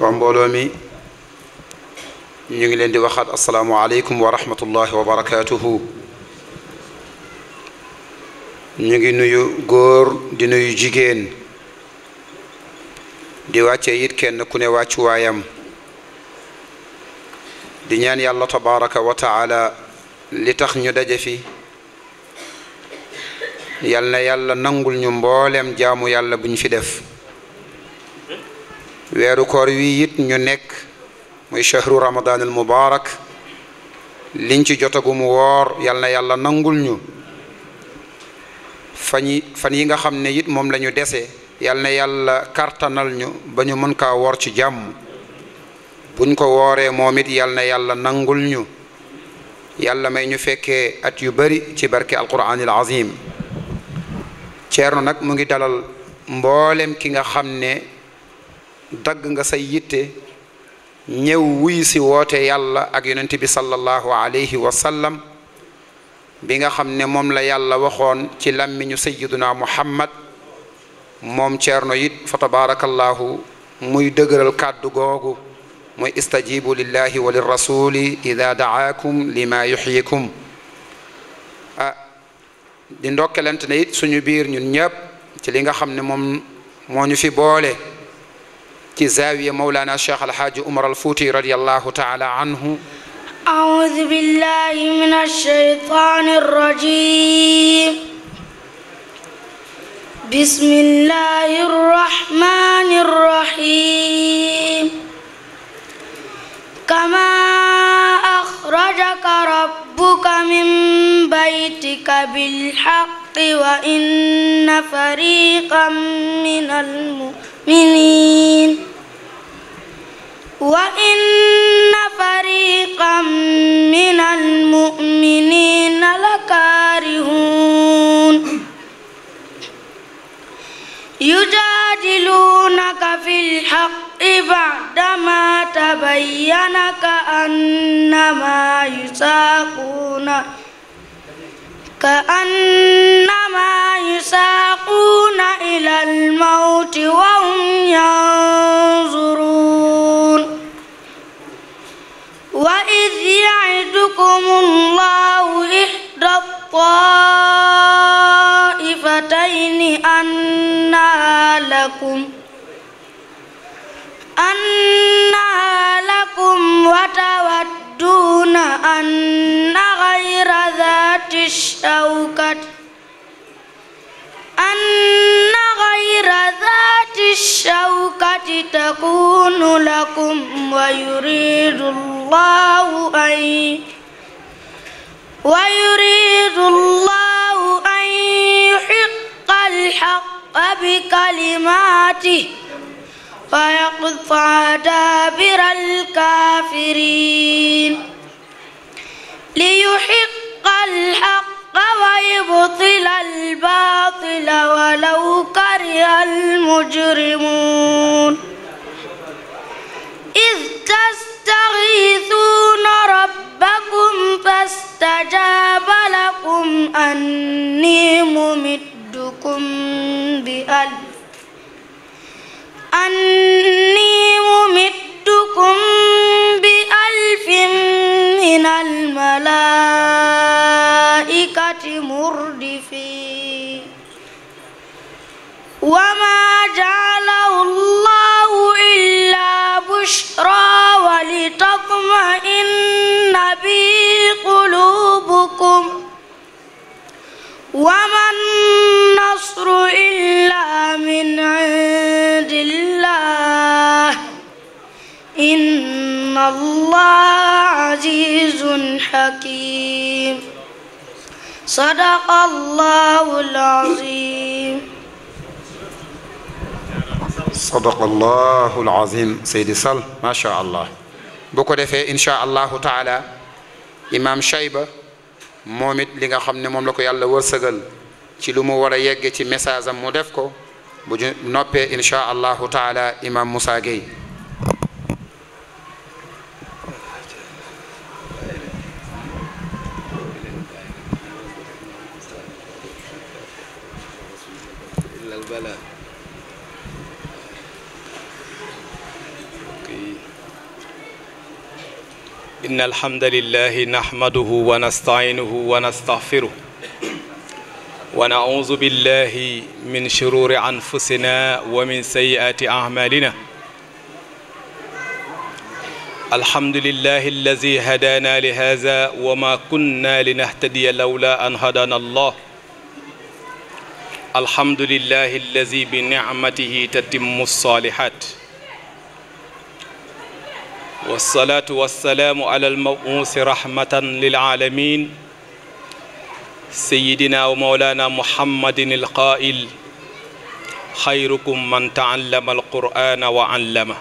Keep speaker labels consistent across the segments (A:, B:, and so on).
A: waaw mbooloo mi ñu ngi leen di waxaat asalaamualeykum wa rahmatullahi wa barakaatuhu ñu ngi nuyu góor di nuyu jigéen di wàccee it kenn ku ne wàccu di ñaan yàlla tabaraka wa taala li tax ñu daje fi yal na yàlla nangul ñu mbooleem jaamu yàlla bu ñu fi def weeru koor wi it ñu nekk muy chahru ramadan al mubarak liñ ci jotagu mu woor yal yàlla nangul ñu fan yi nga xam ne it moom lañu dese yàlla na yàlla kartanal ñu ba ñu mën kaa woor ci jàmm buñ ko wooree moom it yal na yàlla nangul ñu yàlla may ñu fekkee at yu bari ci barke alquranil azim ceerno nak mu ngi dalal mbollem ki nga xamne dag nga say yitte ñëw wuy ci wote yàlla ak yonent bi sallallahu alayhi wa sallam bi nga xamne mom la yàlla waxon ci làmmiñu sayyiduna muhammad mom ceerno yit fa tabarakallahu muy degeural kàddu gogu muy istajibu lillahi wa lirrasuli ida daakum lima yuhyikum di ndokelante ne it suñu biir ñun ñëpp ci li nga xamne mom moñu fi boole ci zaawiya mawlaana cheikh alhaaji umar alfuuti radiyallahu taala anhu
B: أعوذ بالله من الشيطان الرجيم بسم الله الرحمن الرحيم كما أخرجك ربك من بيتك بالحق وإن فريقا من المؤمنين وإن فريقا من المؤمنين لكارهون يجادلونك في الحق بعدما تبين كأنما يساقون كأنما يساقون إلى الموت وهم ينظرون وإذ يعدكم الله إحدى الطائرات هاتين أنا لكم أنا لكم وتودون أن غير ذات الشوكة أن غير ذات الشوكة تكون لكم ويريد الله أن ويريد الله أن يحق الحق بكلماته فيقطع دابر الكافرين ليحق الحق ويبطل الباطل ولو كره المجرمون إذ تس تستغيثون ربكم فاستجاب لكم أني ممدكم بألف أني ممدكم بألف من الملائكة مردفين وما جعله الله إلا بشرى ولتطمئن به قلوبكم وما النصر إلا من عند الله إن الله عزيز حكيم صدق الله العظيم
A: صدق الله العظيم سيدي صل ما شاء الله بوكو ديفه ان شاء الله تعالى امام شيبه موميت ليغا خامني موم لاكو يالا ورسغال سي ورا ييغي سي ميساجام مو ديفكو ان شاء الله تعالى امام موسى جاي
C: الحمد لله نحمده ونستعينه ونستغفره ونعوذ بالله من شرور أنفسنا ومن سيئات أعمالنا الحمد لله الذي هدانا لهذا وما كنا لنهتدي لولا أن هدانا الله الحمد لله الذي بنعمته تتم الصالحات والصلاة والسلام على المبعوث رحمة للعالمين سيدنا ومولانا محمد القائل خيركم من تعلم القرآن وعلمه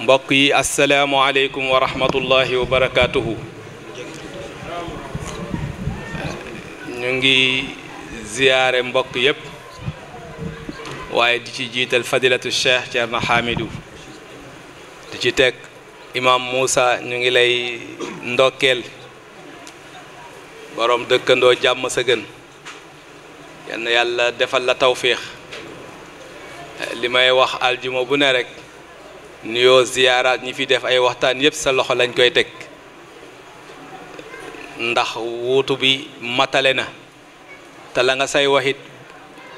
C: بقي السلام عليكم ورحمة الله وبركاته نجي زيارة مبقي يب وعيد جيت الفضلة الشيخ جرنا حامدو di imam musa ñu ngi lay ndokkeel borom dëkkandoo jàmm sa gën yal na yàlla defal la tawféex li may wax aljuma bu ne rek nuyoo ziyaaraat ñi fi def ay waxtaan yépp sa loxo lañ koy teg ndax wuutu bi matale na te la nga say waxit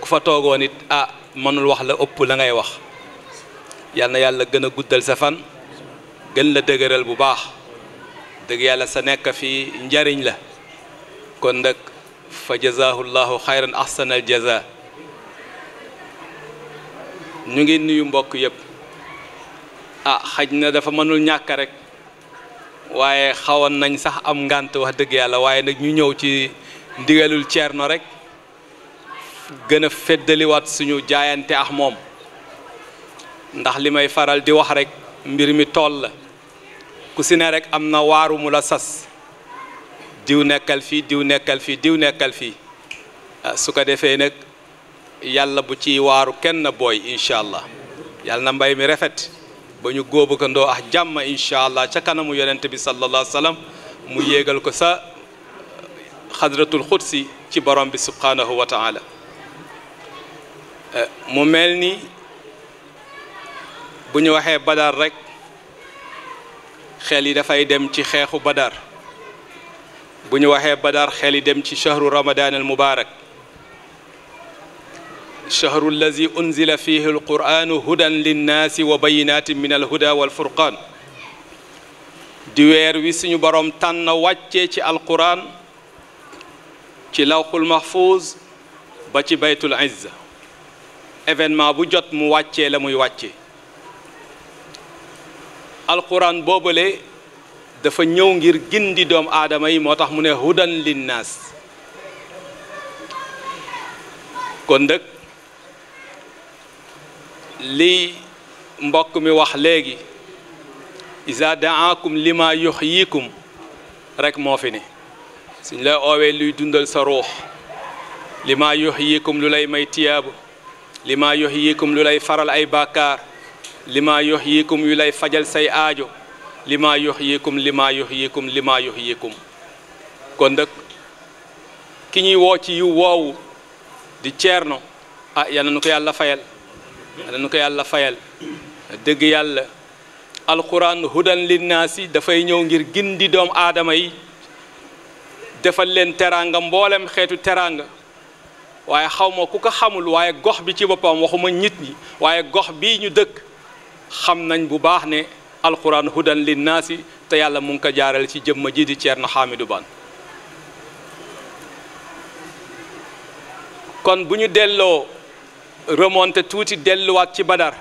C: ku fa toogoon it ah mënul wax la ëpp la ngay wax yàlla na yàlla gën a guddal sa fan gën la dëgëral bu baax dëgg yàlla sa nekk fi njariñ la kon nag fa jazaahu llahu xayran ahsanal jaza ñu ngi nuyu mbokk yépp ah xaj na dafa mënul ñàkk rek waaye xawoon nañ sax am ngànt wax dëgg yàlla waaye nag ñu ñëw ci ndigalul ceerno rek gën a feddaliwaat suñu jaayante ak moom ndax limay faral di wax rek mbir mi toll ku si ne rek am na waaru mu la sas diw nekkal fii diw nekkal fii diw nekkal fii su ko defee nag yàlla bu ci waaru kenn booy incha allah yàlla na mbay mi refet ba ñu góobu ko ndoo ak jàmm incha allah ca kanamu yonent bi sallallahu alayhi sallam mu yéegal ko sa xadratul xudsi ci borom bi subhanahu wa taala mu mel ni bu ñu waxee badar rek xel yi dafay dem ci xeexu badar bu ñu waxee badar xel yi dem ci shahru ramadan al mubarak shahru allazi unzila fihi alquranu hudan linnaasi wa bayinatin min alhuda walfurqan di weer wi suñu borom tànn wàccee ci alquran ci lawxul mahfuz ba ci baytul izza événement bu jot mu wàccee la muy wàccee alquran boobale dafa ñëw ngir gindi doom aadama yi moo tax mu ne hudan linnaas kon nag li mbokk mi wax léegi isa daakum lima yuxyikum rekk moo fi ne suñ lay oowee luy dundal sa ruux lima yuxyikum lu lay may tiyaabu lima yuxyikum lu lay faral ay bàkkaar limaa yox yikum yu lay fajal say aajo limaa yox yikum limaa yox yikum limaa yox yikum kon nag ki ñuy woo ci yu woowu di ceerno ah yal nu ko yàlla fayal yal nu ko yàlla fayal dëgg yàlla alquran hudan linnaasi dafay ñëw ngir gin di doom aadama yi defal leen teraanga mboolem xeetu teraanga waaye xaw ma ku ko xamul waaye gox bi ci boppam waxuma nit ñi waaye gox bii ñu dëkk xam nañ bu baax ne alquran hudan linnaasi te yàlla mu ngi ko jaarale ci jëmma ji di Ceerno Hamidou Bane kon bu ñu delloo remonté tuuti delluwaat ci Badar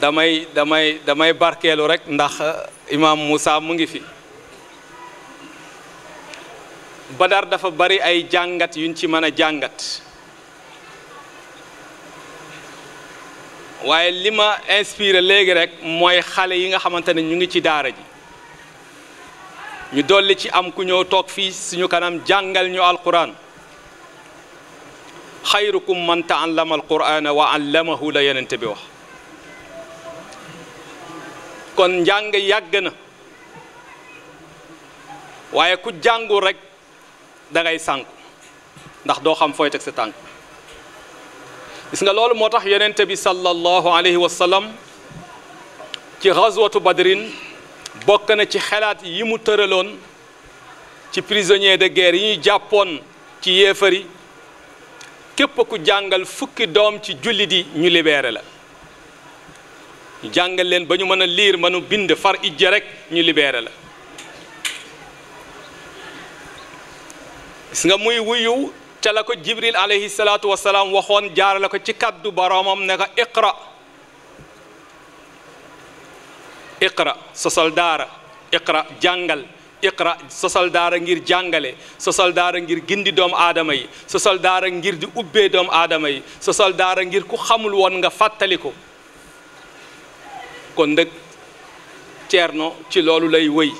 C: damay damay damay barkeelu rekk ndax uh, imaam Moussa mu ngi fi Badar dafa bari ay jàngat yuñ ci mën a jàngat waye lima ma inspiré léegi rek moy xale yi nga xamanteni ñu ngi ci daara ji ñu dolli ci am ku ñëw tok fi suñu kanam jàngal ñu alquran khayrukum man taallama alquran wa allamahu la yantabi wax kon jang yag na waye ku jàngul rek da ngay sank ndax do xam foy tek sa tànk gis lol motax moo tax yenente bi sallallahu alayhi wa sallam ci ghazwat badrin bok na ci xalaat yi mu teurelon ci prisonnier de guerre yi japon ci yefari kep ku jàngal fukki dom ci jullit ñu libéré la jàngal len bañu ñu lire mënu bind far ijje rek ñu libéré la gis nga muy wuyu ca la ko jibril alayhi salaatu wasalaam waxoon jaarale ko ci kàddu boroomam ne ko iqra iqra sosal daara iqra jàngal iqra sosal daara ngir jàngale sosal daara ngir gindi doomu aadama yi sosal daara ngir di ubbee doomu aadama yi sosal daara ngir ku xamul woon nga fàttali ko kon nag ceerno ci loolu lay wëy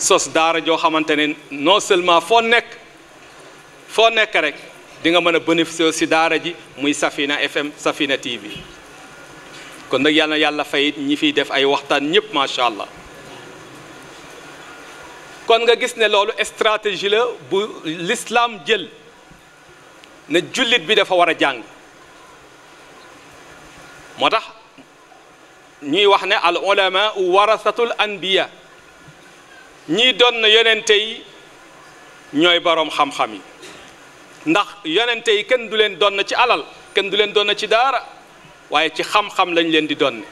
C: sos daara joo xamante ne non seulement foo nekk foo nekk rek di nga mën a bénéficier si daara ji muy Safina FM Safina TV kon nag yàlla yàlla fay ñi fiy def ay waxtaan ñëpp macha allah kon nga gis ne loolu stratégie la bu l'islam jël ne jullit bi dafa war a jàng moo tax ñuy wax ne al ulama warasatul anbiya ñii doon na yonente yi ñooy boroom xam-xam yi ndax yonente yi kenn du leen doon na ci alal kenn du leen doon na ci daara waaye ci xam-xam lañ leen di doon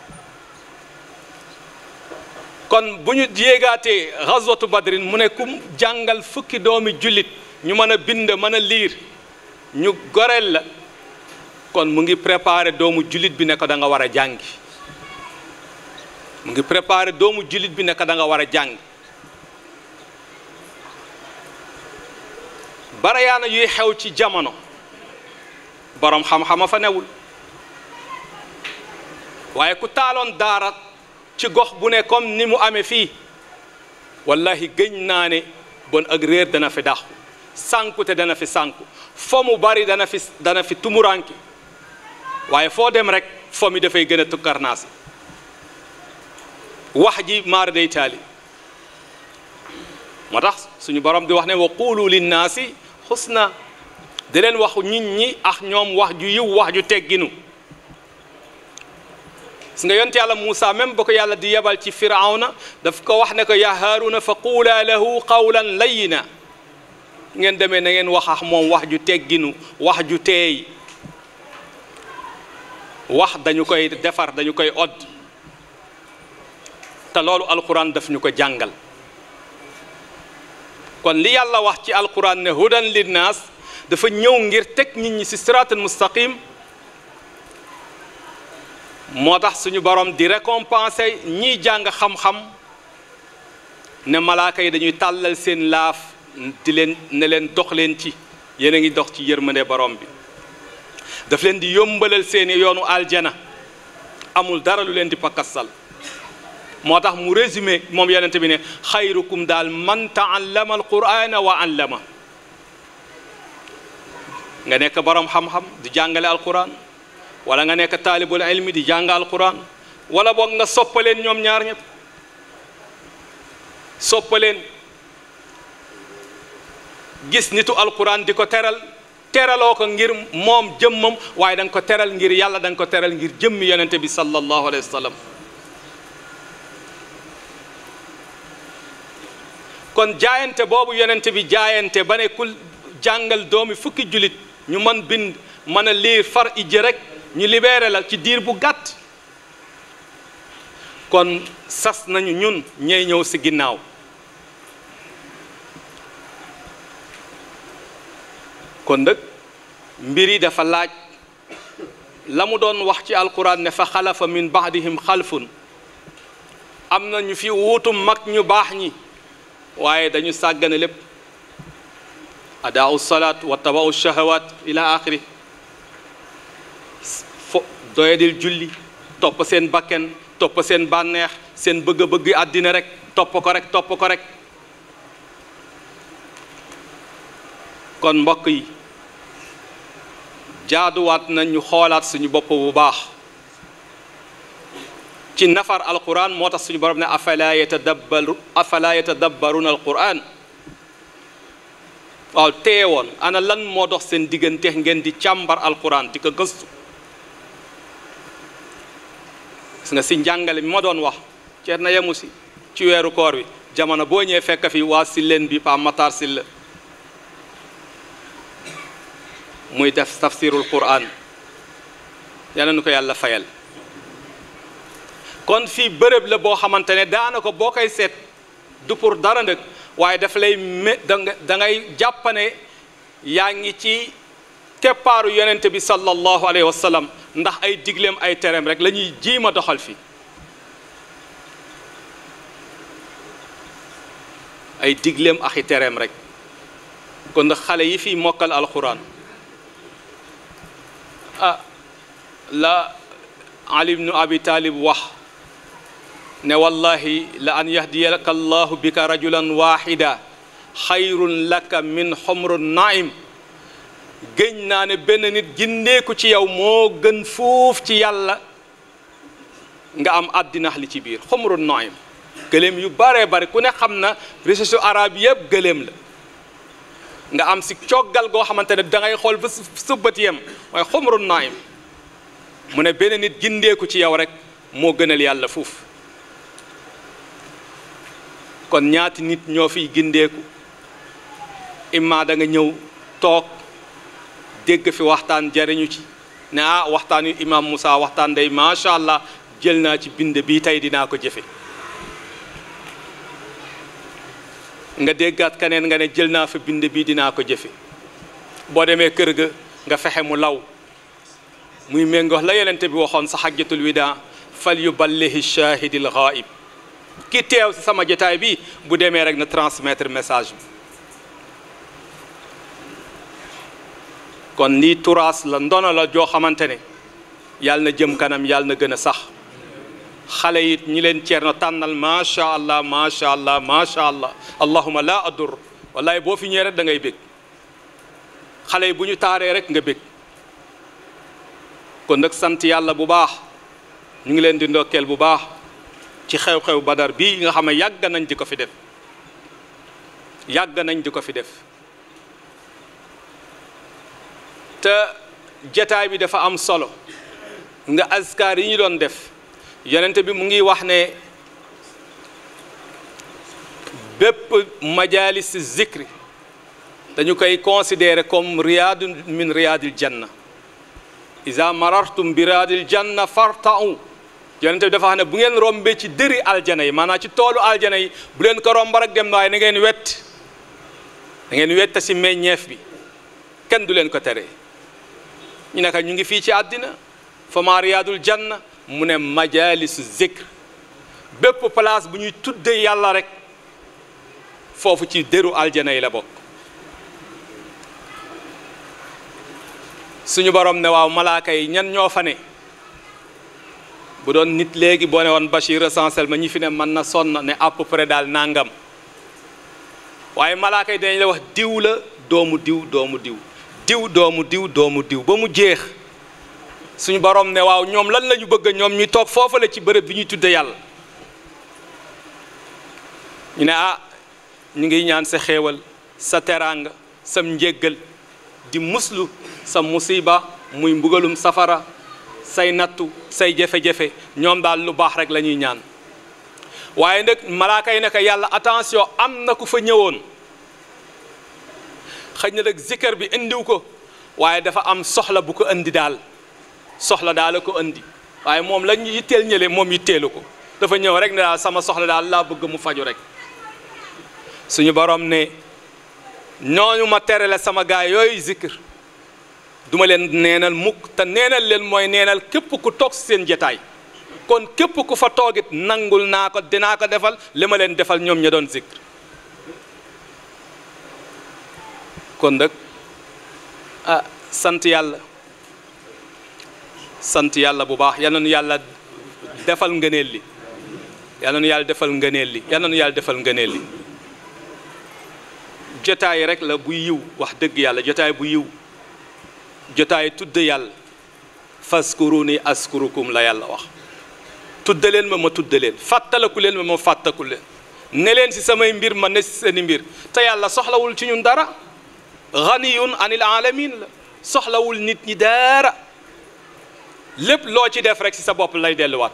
C: kon bu ñu yéegaatee xazwatu badrin mu ne kum jàngal fukki doomi jullit ñu mën a bind mën a liir ñu goreel la kon mu ngi préparé doomu jullit bi nekk danga war a jàngi mu ngi préparé doomu jullit bi ne danga war a jàng barayaana yuy xew ci jamono borom xam-xama fa newul waaye ku taaloon daara ci gox bu ne comme ni mu amee fii wallahi gëñ naa ne bon ak réer dana fi dàqu sànku te dana fi sànku fo mu bari dana fi dana fi tumuranki waaye foo dem rek fo mi dafay gën a tukkarnaasi wax ji maar day taali moo tax suñu borom di wax ne wa qulu linnaasi xusna di leen waxu nit ñi ak ñoom wax ju yiw wax ju tegginu su nga yonte yàlla Moussa même ba ko yàlla di yebal ci firawna daf ko wax ne ko yaa haaruna fa quula lahu qawlan layyina ngeen demee na ngeen wax ak moom wax ju tegginu wax ju teey wax dañu koy defar dañu koy odd te loolu alquran daf ñu ko jàngal kon li yàlla wax ci alquran ne hudan linnaas dafa ñëw ngir tek nit ñi ci siraatul mustaqim motax suñu borom di recompenser ñi ñiy jàng xam-xam ne malaaka yi dañuy talal seen laaf di leen ne leen dox leen ci yéen ngi dox ci yermane borom bi daf leen di yombalal seen yoonu aljana amul dara lu leen di pakassal moo tax mu résumé moom yonent bi ne xayrukum daal man taallama alqurana wa allama nga nek borom xam-xam di jàngale alquran wala nga nek talibul ilmi di jàng alquran wala bok nga soppalen ñom ñaar ñep soppalen gis nitu alquran di ko teral teraloo ko ngir mom jëmmam waye dang ko teral ngir yàlla dang ko teral ngir jëmm yonente bi sallallahu alayhi wasallam kon jaayante boobu yonent bi jaayante ba ne ku jàngal doomi fukki julit ñu mën bind mën a liir far ije rek ñu libéré la ci diir bu gàtt kon sas nañu ñun ñey ñëw si ginnaaw kon nag mbiri dafa laaj la mu doon wax ci alquran ne fa xalafa min baadihim xalfun am na ñu fi wutum mag ñu baax ñi waaye dañu sàggane lépp adaau salaat wa tabaau shahawaat ila axiri doyadil julli topp seen bakken topp seen bànneex seen bëgg-bëgg àddina rekk topp ko rek topp ko rekk kon mbokk yi jaaduwaat na ñu xoolaat suñu bopp bu baax ci nafar alquran motax suñu borom ne afala yatadabbaru afala yatadabbarun alquran waaw teewon ana lan mo dox seen diggante ngeen di chambar alquran di ko gëstu gis nga si njàngale mi ma doon wax ceer na yemu si ci weeru koor wi jamono boo ñëwee fekk fi waa silleen bi pa matar silla muy def tafsirul quran yàlla na nu ko yàlla fayal kon fi bërëb la bo xamantene ne bokay set du pour dara nag waye daf lay da ngay jàppane yaangi ngi ci keppaaru yonente bi sallallahu alayhi wa sallam ndax ay diglem ay terem rek lañuy jima doxal fi ay diglem axi terem rek kon xale yi fi mokal alquran ah la علي بن ابي طالب wax ne wallahi la an yahdiyaka allahu bika rajulan waahida xayrun laka min xumru naim géñ naa ne benn nit gindeeku ci yow moo gën foof ci yàlla nga am adina li ci bir xumru naim gelem yu bare bare ku ne xamna na richesse arab yëpp gëléem la nga am ci ciogal go xamantene da ngay xol ba subbatiyam way waaye naim mune ne benn nit gindeeku ci yaw rek mo gënal yàlla foofu kon ñaati nit ñoo fiy gindeeku imma da nga ñëw toog dégg fi waxtaan jariñu ci ne ah waxtaan yu imam Moussa waxtaan day macha allah jël naa ci bind bii tey dinaa ko jëfe nga déggaat keneen nga ne jël naa fa bind bii dinaa ko jëfe boo demee kër ga nga fexe mu law muy méngoox la yonent bi waxoon sa xajjatul wida fal yuballihi shaahidil ghaib ki tew ci sama jotaay bi bu démé rek na transmettre message bi kon ni turaas la ndono la jo xamantene ne yàlla na jëm kanam yàlla na gëna sax xale yi ñi leen cierno tanal ma sha allah ma sha allah ma sha allah allahumma la adur wallahi bo fi ñëwee rek da ngay bëgg xale yi bu ñu taaree rek nga bëgg kon nak sant yàlla bu baax ñu ngi leen di ndokkeel bu baax ci xew-xew badar bi nga xam yag nañ di ko fi def yag nañ di ko fi def te jotaay bi dafa am solo nga azkar yi ñu doon def yonent bi mu ngi wax ne bépp majalis zikri dañu koy considérer comme riyadun min riyadil janna iza marartum bi riyadil janna farta'u yonent bi dafa xam ne bu ngeen rombee ci dëri aljana yi maanaam ci toolu aljana yi bu leen ko romb rek dem waaye na ngeen wett da ngeen wetta si meññeef bi kenn du leen ko tere ñu ne ñu ngi fii ci àddina fa maa riyaadul janna mu ne majalisu zikr bépp palaas bu ñuy tudde yàlla rek foofu ci dëru aljana yi la bokk suñu borom ne waaw malaaka yi ñan ñoo fa ne bu doon nit léegi boo ne woon Bachir recensel ma ñi fi ne mën na sonn ne à daal nangam waaye malaakay yi la wax diw la doomu diw doomu diw diw doomu diw doomu diw ba mu jeex suñu boroom ne waaw ñoom lan la ñu bëgg ñoom ñu toog foofu la ci bërëb bi ñuy tudde yàlla ñu ne ah ñu ngi ñaan sa xéewal sa teraang sam njéggal di muslu sa musiba muy mbugalum safara say nattu say jafe-jafe ñoom daal lu baax rek lañuy ñaan waaye nag malaaka yi yàlla attention am na ku fa ñëwoon xëy na nag zikkar bi indiw ko waaye dafa am soxla bu ko indi daal soxla daal la ko indi waaye moom la ñu yitteel ñële moom yitteelu ko dafa ñëw rek ne daal sama soxla daal laa bëgg mu faju rek suñu boroom ne ñooñu ma terale sama gaay yooyu zikr duma leen neenal mukk te neenal leen mooy neenal képp ku toog seen jataay kon képp ku fa toogit nangul naa ko dinaa ko defal li ma leen defal ñoom ña doon zikr kon nag ah sant yàlla sant yàlla bu baax yal yàlla defal ngëneel li yal yàlla defal ngëneel li yal yàlla defal ngëneel li jotaay rek la bu yiw wax dëgg yàlla jotaay bu yiw جتاي تود يال فاسكروني اسكركم لا يالا واخ تود لين ما تود لين فاتلكو لين ما فاتكو لين نلين سي ساماي مبير ما نس سي مبير تا يالا سوخلا وول نون دارا غني عن العالمين سوخلا نيت ني دارا لب لو سي ديف ريك سي سا بوب لاي ديلو وات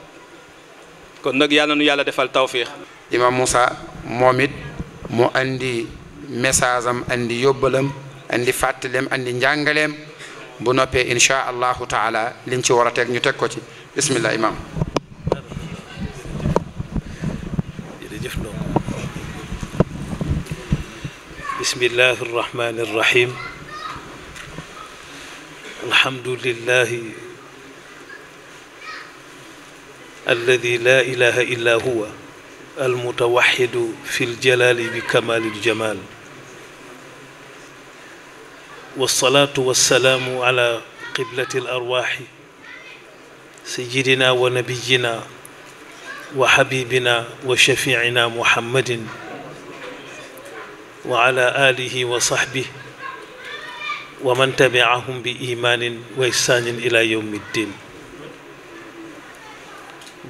C: كون نك يالا نو يالا ديفال توفيق
A: امام موسى موميت مو اندي مساجم اندي يوبلم اندي فاتلم اندي نجانغلم بنوبي إن شاء الله تعالى لنتي وراتك نتك كوتي بسم الله إمام
D: بسم الله الرحمن الرحيم الحمد لله الذي لا إله إلا هو المتوحد في الجلال بكمال الجمال والصلاة والسلام على قبلة الأرواح سيدنا ونبينا وحبيبنا وشفيعنا محمد وعلى آله وصحبه ومن تبعهم بإيمان وإحسان إلى يوم الدين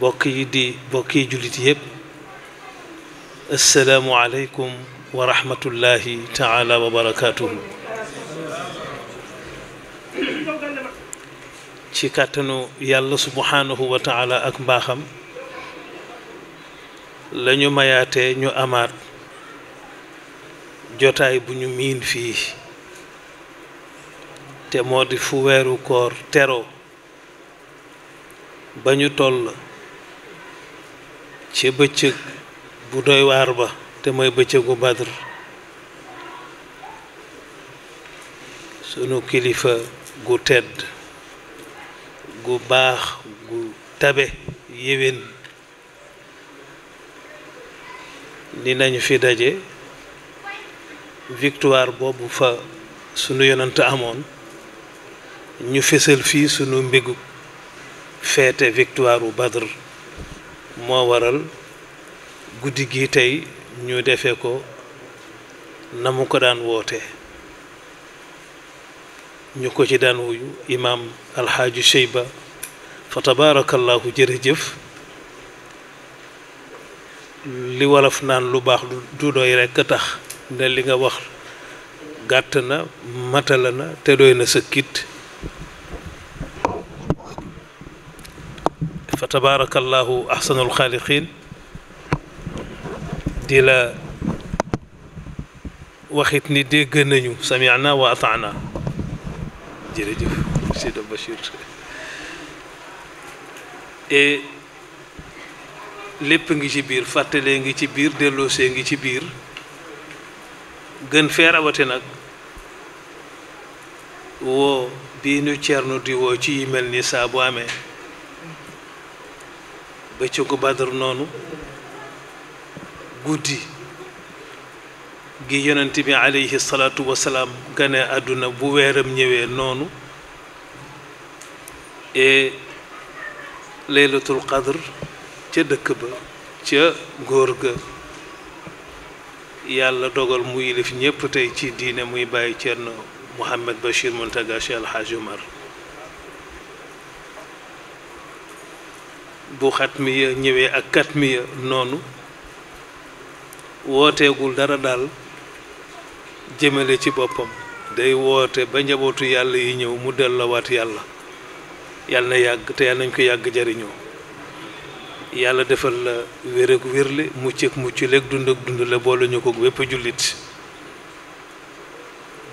D: بوكي دي بوكي جلت السلام عليكم ورحمة الله تعالى وبركاته ci kàttanu yàlla subhanahu wa taala ak mbaxam lañu mayaate ñu amaat jotaay bu ñu miin fii te moo di fu weeru koor teroo ba ñu toll ci bëccëg bu doy waar ba te mooy bëccëgu badr sunu kilifa gu tedd gu baax gu tabe yéwén dinañu fi daje victoire boobu fa sunu yonant amoon ñu fesal fii sunu mbégu feete victoire u Badr moo waral guddi gi tey ñu defe ko na mu ko daan woote ñu ko ci daan wuyu imaam alxaaji Cheyba fa tabaarakallaahu jërëjëf li wolof naan lu baax du doy rekk a tax ne li nga wax gàtt na matala na te doy na sa kit fa tabaarakallaahu ahsanul xaaliqiin di la waxit ni dégg nañu sami'na wa ata'na jërëjëf Seydi Bachir et lépp ngi ci biir fàttalee ngi ci biir delloosee ngi ci biir gën fee rawate nag woo bii nu di woo ci yi mel ni saa bu amee bëccëgu Badar noonu guddi gi yonent bi aleyhi salaatu wasalaam gane aduna bu weeram ñëwee nonu e laylatul qadr ci dëkk ba ci góor ga yalla dogal mu yilif ñepp tay ci diine muy bàyyi Cerno Mouhamed bashir muntaga Cheikh El Hadj Omar bu xatmiya ñëwee ak katmiya noonu wooteegul dara dal jëmale ci boppam day woote ba njabootu yàlla yi ñëw mu dellowaat yàlla yàlla na yàgg te yàlla nañ ko yàgg jariñoo yàlla defal la wér ak wérle mucc ak mucc dund ak dund la boole ñu ko wépp jullit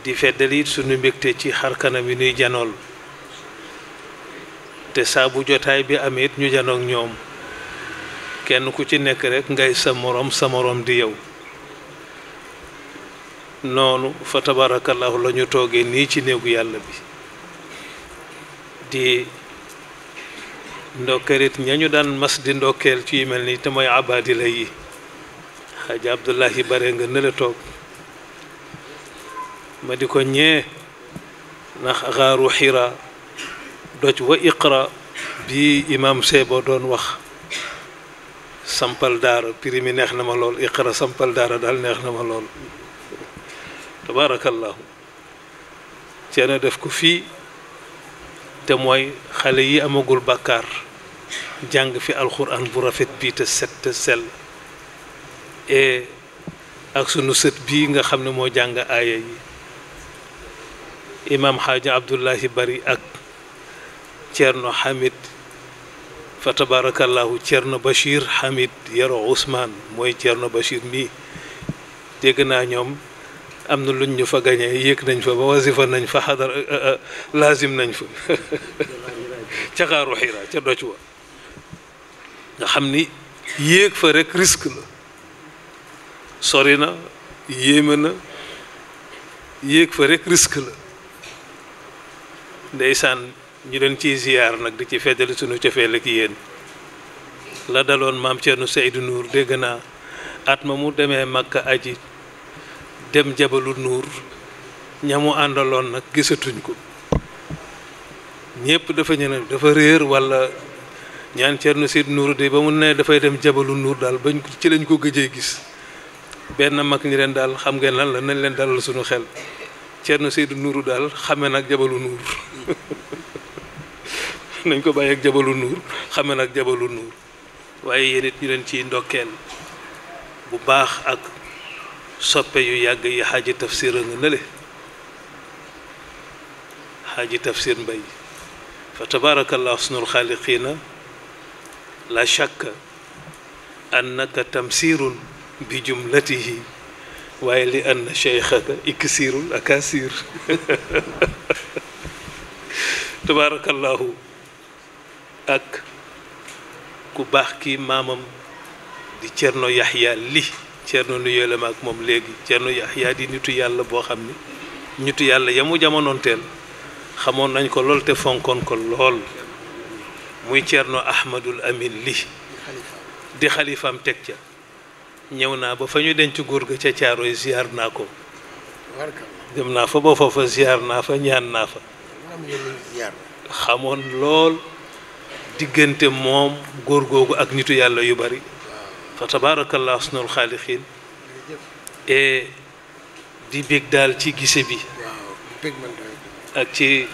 D: di feddal it sunu mbégte ci xar kanam yi nuy janool te saa bu jotaay bi amee ñu janoog ñoom kenn ku ci nekk rekk ngay sa moroom sa moroom di yow noonu fa tabarakallahu la ñu toogee nii ci néegu yàlla bi di ndokkeelit ñañu daan mas di ndokkeel ci yu mel nii te mooy abadila yi xaaji abdullahi bare nga nële toog ma diko ko ñee ndax xaaru xira doj wa iqra bi imam sebo doon wax sampal daara primi neex na ma lool iqra sampal daara daal neex na ma lool tabaarakallaahu Ceerno def ko fii te mooy xale yi amagul bàkkaar jàng fi alxuraan bu rafet bii te set te sell e ak sunu sët bii nga xam ne moo jàng aaya yi imaam xaaja abdullahi bari ak Ceerno Hamid fa tabaarakallaahu Ceerno Bachir Hamid yaro Ousmane mooy Ceerno Bachir mii dégg naa ñoom am na luñ ñu fa gañe yéeg nañ fa ba wasifa nañ fa xadar euh, euh, euh, laazim nañ fa ca xaaru xiira ca doj wa nga xam ni yéeg fa rek risque la sori na yéeg fa rek risque la ndeysaan ñu leen ciy ziyaar nag di ci feddali sunu cofeel ak yéen la daloon maam Cerno Seydou Nour dégg naa at ma mu demee Makka aji dem jabalu nur ñamu andalon nak gisatuñ ko ñepp dafa ñu dafa reer wala ñaan cernu sid nur de ba mu ne dafa dem jabalu nur dal bañ ci lañ ko gëjé gis ben mak ñi leen dal xam ngeen lan la nañ leen dalal suñu xel cernu sid nur dal xamé nak jabalu nur nañ ko baye ak jabalu nur xamé nak jabalu nur waye ñu leen ci bu baax ak soppe yu yàgg yi xaaji tafsir a nga nële xaaji tafsir mbay fa tabaarakallahu sunul xaaliqiina la shakka annaka tamsirun bi jumlatihi waaye li ann cheikhaka iksirul akasir tabaarakallahu ak ku baax ki maamam di cerno yahya li Thierno lu la ak moom léegi Thierno Yahya di nitu yàlla boo xam ni nitu yàlla yamu jamonoon teel xamoon nañ ko lool te fonkoon ko lool muy Thierno Ahmadul Amin li di xalifaam teg ca ñëw naa ba fa ñu denc góor ga ca Caaroy ziar naa ko dem naa fa ba foofa ziar naa fa ñaan naa fa xamoon lool diggante moom góor googu ak nitu yàlla yu bari fa tabarakallah asnul xaalixiin et di bég daal ci gise bi ak ci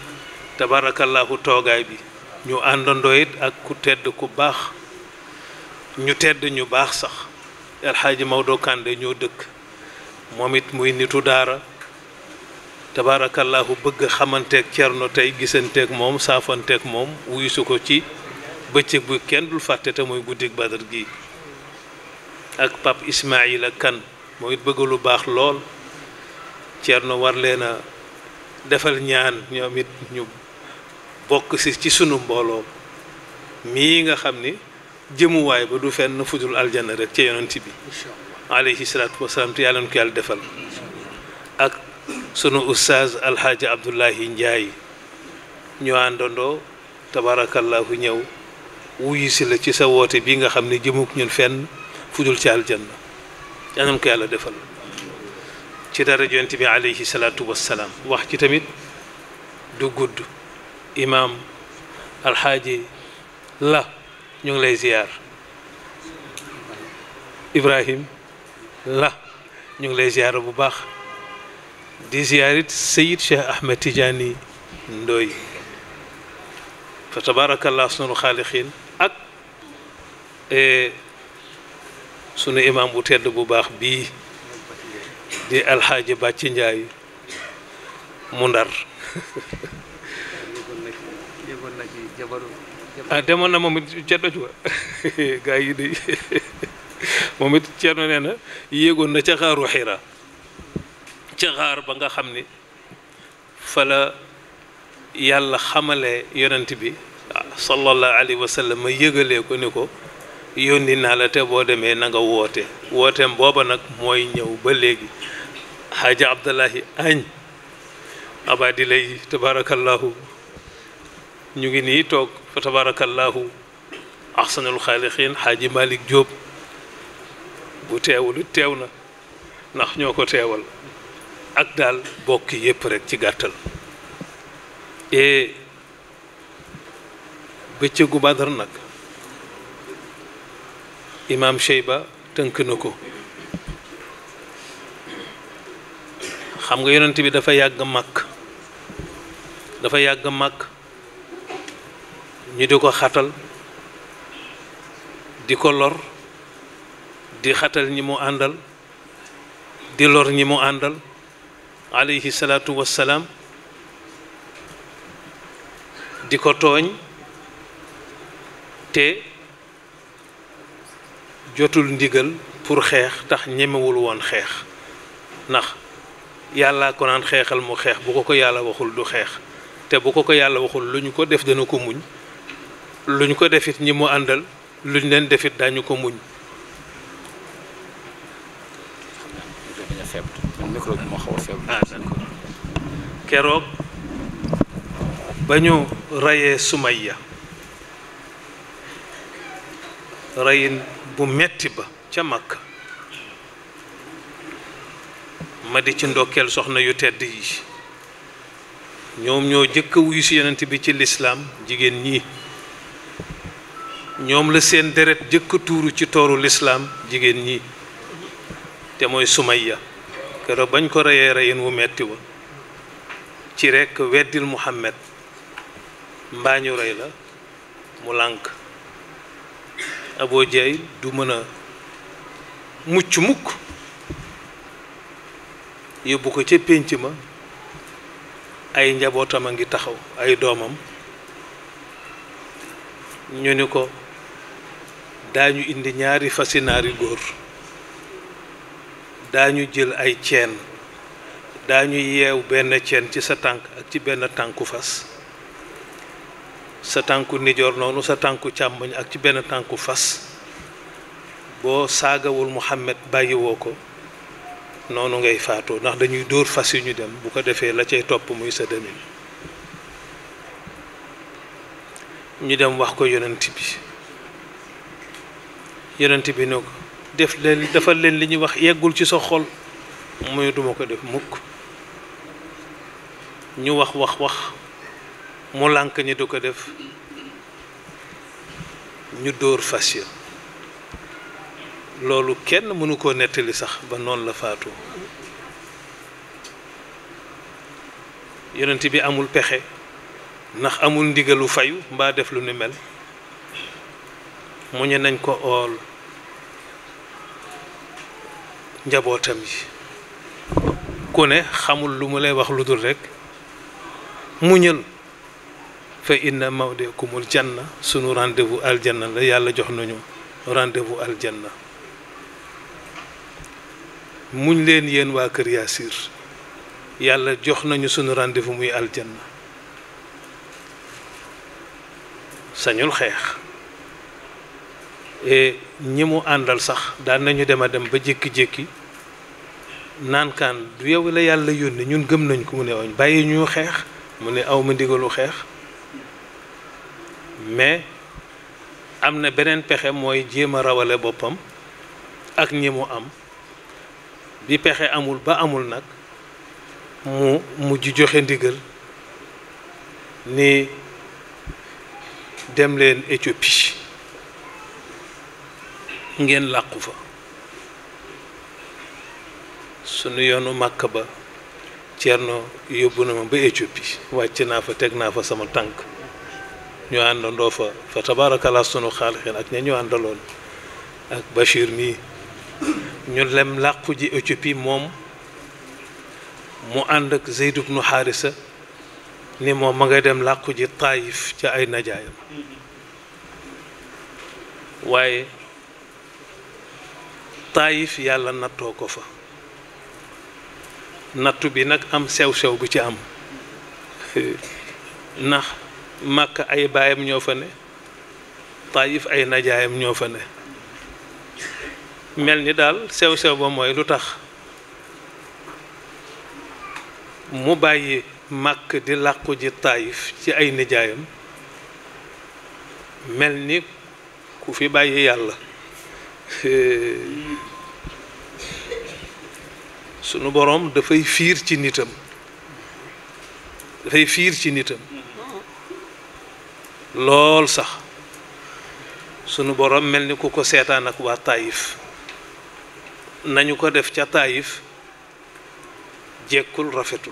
D: tabarakallahu toogaay bi ñu àndandoo it ak ku tedd ku baax ñu tedd ñu baax sax alxaaji Maodo Kande ñoo dëkk moom it muy nitu daara tabarakallahu bëgg xamanteeg cerno tey gisanteeg moom saafanteeg moom wuyu su ko ci bëccëg bu kenn dul fàtte te muy guddig badar gi ak Pape Ismaïla Kane moo it bëgg lu baax lool na war leena defal ñaan ñoom it ñu bokk si ci sunu mbooloo mii nga xam ni jëmuwaay ba du fenn fudul aljana rek ca yonent bi alayhi salaatu wasalaam te yàlla na ko yàlla defal ak sunu ustaaz alxaaji Abdullahi Njaay ñu àndandoo tabarakallahu ñëw wuyu si la ci sa woote bi nga xam ne jëmuk ñun fenn كودل تي الجنه يانم كيالا ديفال تي دار يونتبي عليه الصلاه والسلام واخ تي تاميت دو غود امام الحاجي لا نيغ لاي زيار ابراهيم لا نيغ لاي زيار بو باخ دي زيارت سيد شيخ احمد تجاني ندوي فتبارك الله سن الخالقين اك إيه sunu imaam bu tedd bu baax bii di alxaaji bàcci njaay mu ndar ah demoon na moom it ca doj wa gaa yi de moom it Ceerno nee na yéegoon na ca xaaru xiira ca xaar ba nga xam ni fala yàlla xamale yonent bi ah, sallallahu alayhi wa sallam ma yëgalee ko ni ko yónni naa la te boo demee nanga woote wooteem booba nag mooy ñëw ba léegi xaaja abdallahi añ abadi lay tabarakallahu ñu ngi nii toog fa tabarakallahu ahsanul xaaliqin xaaji malik jóob bu teewul teew na ndax ñoo ko teewal ak daal bokk yépp rek ci gàttal e bëccëgu badar nag imaam Cheyba tënk na ko xam nga yonent bi dafa yàgg màkk dafa yàgg màkk ñu di ko xatal di ko lor di xatal ñi mu àndal di lor ñi mu àndal aleyhi salaatu wassalaam di ko tooñ te jotul ndigal pour xex tax ñemewul won xex nax yalla ko nan xexal mu xex bu ko ko yàlla waxul du xex te bu ko ko yàlla waxul luñ ko def dana ko muñ luñ ko defit ñi mu àndal luñ ñu leen defit dañu ko muñ keroog ba ñu reyee Sumayya reyin bu metti ba ca Makka ma di ci ndokkeel soxna yu tedd yi ñoom ñoo jëkk a wuyu bi ci lislaam jigéen ñi ñoom la seen deret jëkk tuuru ci tooru lislaam jigéen ñi te mooy Sumayya keroog bañ ko reyee reyin wu metti wa ci rekk weddil Muhammad mbaa ñu rey la mu lànk Abu Jahl du mën a mucc mukk yóbbu ko ca pénc ma ay njabootam ngi taxaw ay domam. ñu ni ko daañu indi ñaari fasi gor góor daañu jël ay ceen daañu yew benn ceen ci sa tank ak ci benn tanku fas sa tànku nijoor noonu sa tànku càmmoñ ak ci benn tànku fas boo saagawul Muhammad bàyyiwoo ko noonu ngay faatoo ndax dañuy dóor fas yu ñu dem bu ko defee la cay topp muy sa demin ñu dem wax ko yonent bi yonent bi ne ko def leen defal leen li ñuy wax yeggul ci sa xol muy duma ko def mukk ñu wax wax wax Molang lànk ñi du ko def ñu dóor fas ya loolu kenn mënu sax ba la faatu bi amul pexe ndax amul ndigalu fayu mbaa def lu ni mel mu ñu nañ ko ol njabootam yi ku ne xamul lu mu lay wax lu dul fa inna mawdeekumul janna sunu rendez-vous aljanna la yàlla jox nañu rendez-vous aljanna muñ leen yéen waa kër Yaasir yàlla jox nañu sunu rendez-vous muy aljanna sañul xeex et ñi mu àndal sax daan nañu dem a dem ba jékki-jékki naankaan du yow la yàlla yónni ñun gëm nañ ko mu ne wañ bàyyi ñu xeex mu ne aw ma xeex mais am na beneen pexe mooy jéema a rawale boppam ak ñi mu am bi pexe amul ba amul nag mu mujj joxe ndigal ni dem leen Éthiopie ngeen làqu fa sunu yoonu màkk ba Cerno yóbbu na ma ba Éthiopie wàcc naa fa teg naa fa sama tànk ñu àndandoo fa fa tabaarakala sunu xaalixiin ak ña ñu àndaloon ak Bachir mii ñu lem làqu ji Éthiopie moom mu ànd ak Zeyd ibnu Xaarisa ni moom ma nga dem làqu ji Taayif ca ay najaayam waaye Taayif yàlla nattoo ko fa nattu bi nag am sew sew bu ci am ndax màkk ay baayam ñoo fa ne taayif ay najaayam ñoo fa ne mel ni daal sew-sew ba mooy lu tax mu bàyyi màkk di làqu ji taayif ci ay nijaayam mel ni ku fi bàyyi yàlla sunu boroom dafay fiir ci nitam dafay fiir ci nitam lool sax sunu boroom mel ni ku ko seetaan ak waa Taayif nañu ko def ca Taayif jekkul rafetul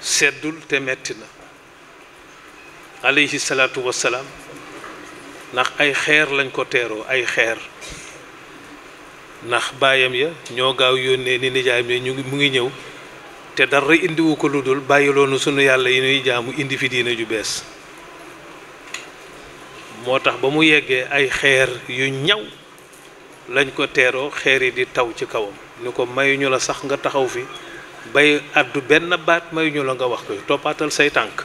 D: seddul te metti na aleyhi salaatu wassalaam ndax ay xeer lañ ko teeroo ay xeer ndax baayam ya ñoo gaaw yónnee ni nijaayam ya ñu mu ngi ñëw te dara indiwu ko lu dul bàyyiloonu sunu yàlla yi nuy jaamu indi fi diina yu bees moo tax ba mu yeggee ay xeer yu ñaw lañ ko teeroo xeer yi di taw ci kawam ni ko mayuñu la sax nga taxaw fi bay àddu benn baat mayuñu la nga wax ko toppaatal say tànk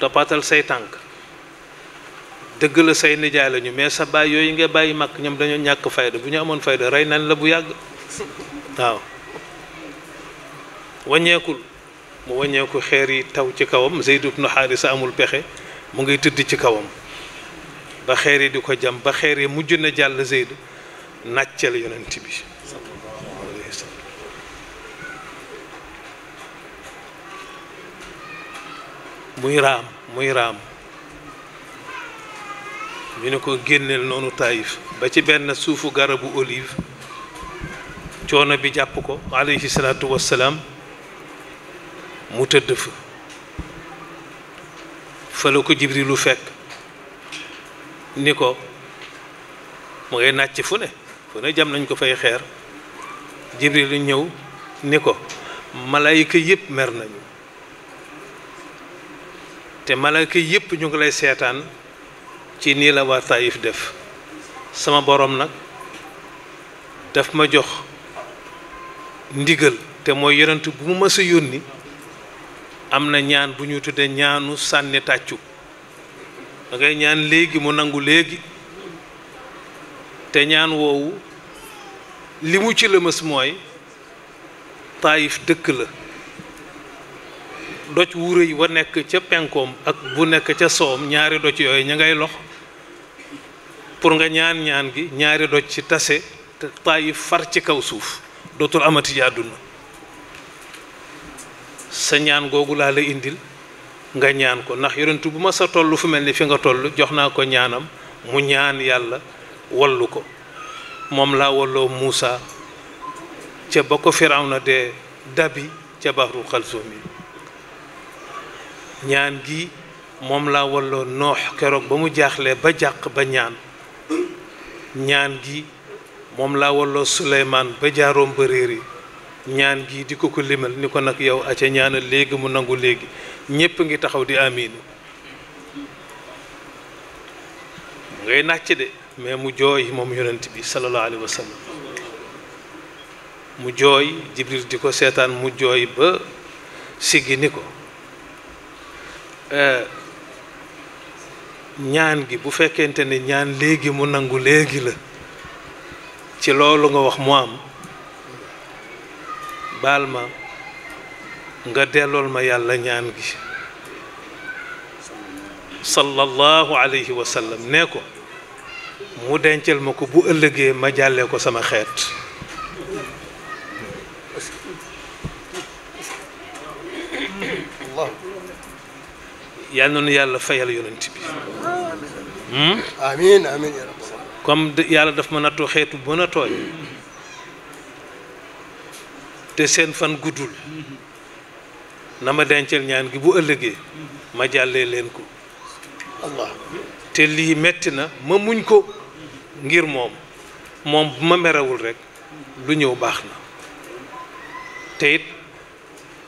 D: toppaatal say tànk dëgg la say nijaay lañu mais sa baay yooyu ngay bàyyi mag ñoom dañoo ñàkk fayda bu ñu amoon fayda rey nañ la bu yàgg waaw waññeekul mu waññeeku xeer yi taw ci kawam Zayd ibn Haarisa amul pexe mu ngi tëdd ci kawam ba xeer yi di ko jam ba xeer yi mujj na jàll Zeyd nàccal yonent bi muy raam muy raam ñu ne ko génneel noonu taayif ba ci benn suufu garabu olive coono bi jàpp ko aleyhi salaatu wassalaam mu tëdd fa falo ko jibrilu fek niko mo ngay nacc fu ne fu ne jam nañ ko fay xeer jibrilu ñew niko malaika yep mer nañu te malaika yep ñu ngi lay seetaan ci ni la wataif def sama borom nak, daf ma jox ndigal te moy yonent bu mu ma sa yoni am na ñaan bu ñu tudde ñaanu sànni tàccu da ngay ñaan léegi mu nangu léegi te ñaan woowu li mu ci lëmës mooy taayif dëkk la doj wu rëy wa nekk ca penkoom ak bu nekk ca soowam ñaari doj yooyu ña ngay lox pour nga ñaan ñaan gi ñaari doj ci tase te taayif far ci kaw suuf dootul amati ci àdduna sa ñaan googu laa la indil nga ñaan ko ndax yonent bu ma sa toll fu mel ni fi nga tollu jox naa ko ñaanam mu ñaan yàlla wallu ko moom laa wolloo Muusa ca ba ko Firawna de dabi ca baxru xalsoomi ñaan gi moom laa walloo noox keroog ba mu jaaxlee ba jàq ba ñaan ñaan gi moom laa walloo Suleymaan ba jaaroom ba réer yi ñaan gi di ko ko limal ni ko nag yow aca ñaanal léegi mu nangu léegi ñépp ngi taxaw di amiin mu ngay nàcc de mais mu jooy moom yonent bi sallallahu alayhi wa mu jooy jibril di ko seetaan mu jooy ba siggi ni ko eh, ñaan gi bu fekkente ne ñaan léegi mu nangu léegi la ci loolu nga wax mu am balma nga delol ma yàlla ñaan gi sallallahu alayhi wa sallam ne ko mu dencel mako bu ëllëgee ma jallé ko sama xeet Allah na nu yàlla fayal yonent bi ya amiin comme yàlla daf ma nattoo xeetu bu na toy te seen fan guddul na ma dencal ñaan gi bu ëllëgee ma jàllee leen ko allah te lii metti na ma muñ ko ngir moom moom bu ma merewul rekk lu ñëw baax na te it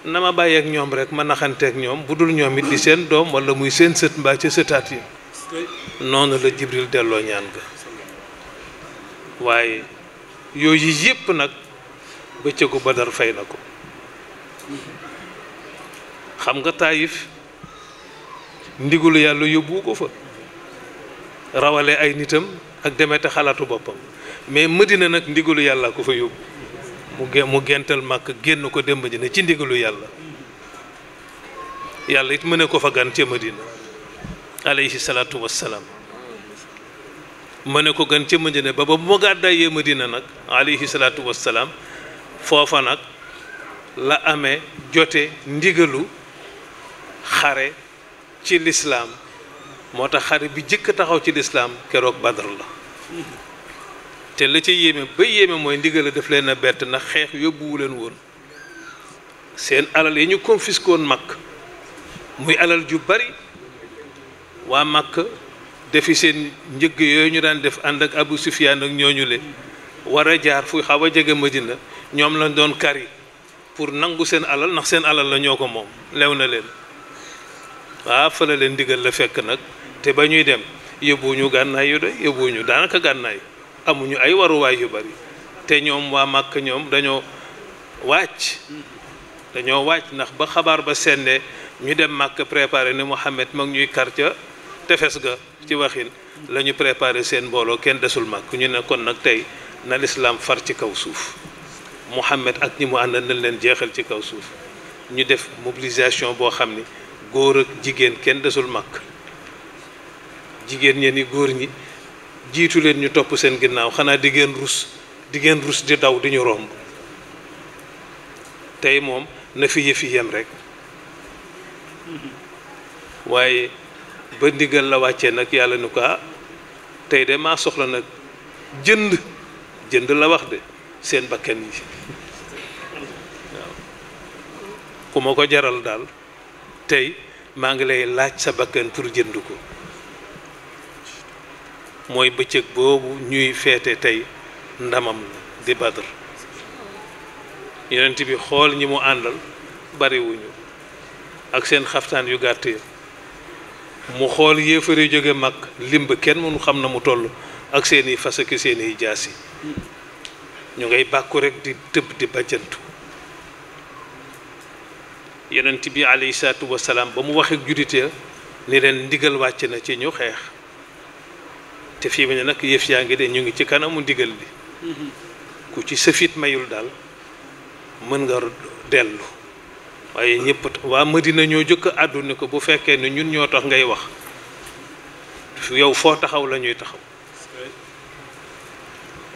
D: na ma bàyyi ak ñoom rekk ma naxanteek ñoom bu dul ñoom it di seen doom walla muy seen sët mbaa ca sëtaat yi noonu la Jibril delloo ñaan ga waaye yooyu yëpp nag bëccëgu badar fay na ko xam nga taayif ndigalu yàlla yóbbu ko fa rawale ay nitam ak demete xalaatu boppam mais Madina nag ndigalu yàlla ko fa yóbbu mu mu gental màkk génn ko dem Madina ci ndigalu yàlla yàlla yit mu ne ko fa gan ca Madina aleyhi salaatu wassalaam ma ne ko gan ca Madina ba ba bu gàddaayee Madina nag aleyhi salaatu wassalaam foofa nag la amee jote ndigalu xare ci lislaam moo tax xare bi jëkk taxaw ci lislaam keroog badar la te la ca yéeme ba yéeme mooy ndigal daf leen a bett ndax xeex yóbbuwu leen woon seen alal yi ñu confisqué mag muy alal ju bari waa màkk defi seen njëg yooyu ñu daan def ànd ak Abu Sufyaan ak ñooñu leen war a jaar fu xaw a jege Madina ñoom la doon kari pour nangu seen alal ndax seen alal la ñoo ko moom lew na leen waa fa la leen digal la fekk nag te ba ñuy dem yóbbuwuñu gànnaay yu doy yóbbuwuñu daanaka gànnaay amuñu ay waruwaay yu bari te ñoom waa màkk ñoom dañoo wàcc dañoo wàcc ndax ba xabaar ba sennee ñu dem màkk préparé ni Mouhamed mag ñuy kar ca tefes ga ci waxin lañu ñu préparé seen mbooloo kenn desul màkk ñu ne kon nag tey na lislaam far ci kaw suuf Mouhamed ak ñi mu àndal nañ leen jeexal ci kaw suuf ñu def mobilisation boo xam ni góor ak jigéen kenn desul màkk jigéen ñe ni góor ñi jiitu leen ñu topp seen ginnaaw xanaa di ngeen rus di ngeen rus di daw di ñu romb tey moom na fi yem rek waaye ba ndigal la wàccee nag yàlla nu ko ah, tey de maa soxla nag jënd jënd la wax de seen bakkan yi waaw ku ma ko jaral daal tey maa ngi lay laaj sa bakkan pour jënd ko mooy bëccëg boobu ñuy feete tey ndamam la di Badr yonent bi xool ñi mu àndal bariwuñu ak seen xaftaan yu gàtt ya mu xool yéefar yu jóge mag limb kenn mënu xam na mu toll ak seeni fas ak seeni jaas yi ñu ngay bakku rek di deb di bajantu yenenti bi alayhi salaatu wasalaam ba mu waxe juddite ya, ni len ndigal wacc na ci ñu xex te fi mu nak yef yëf de ñu ngi ci kanamu ndigal li ku ci sefit mayul dal, mën nga delu waye ñepp wa medina ñoo jëk aduna ko bu fekke ni ñun ñoo tax ngay wax yow fo taxaw lañuy taxaw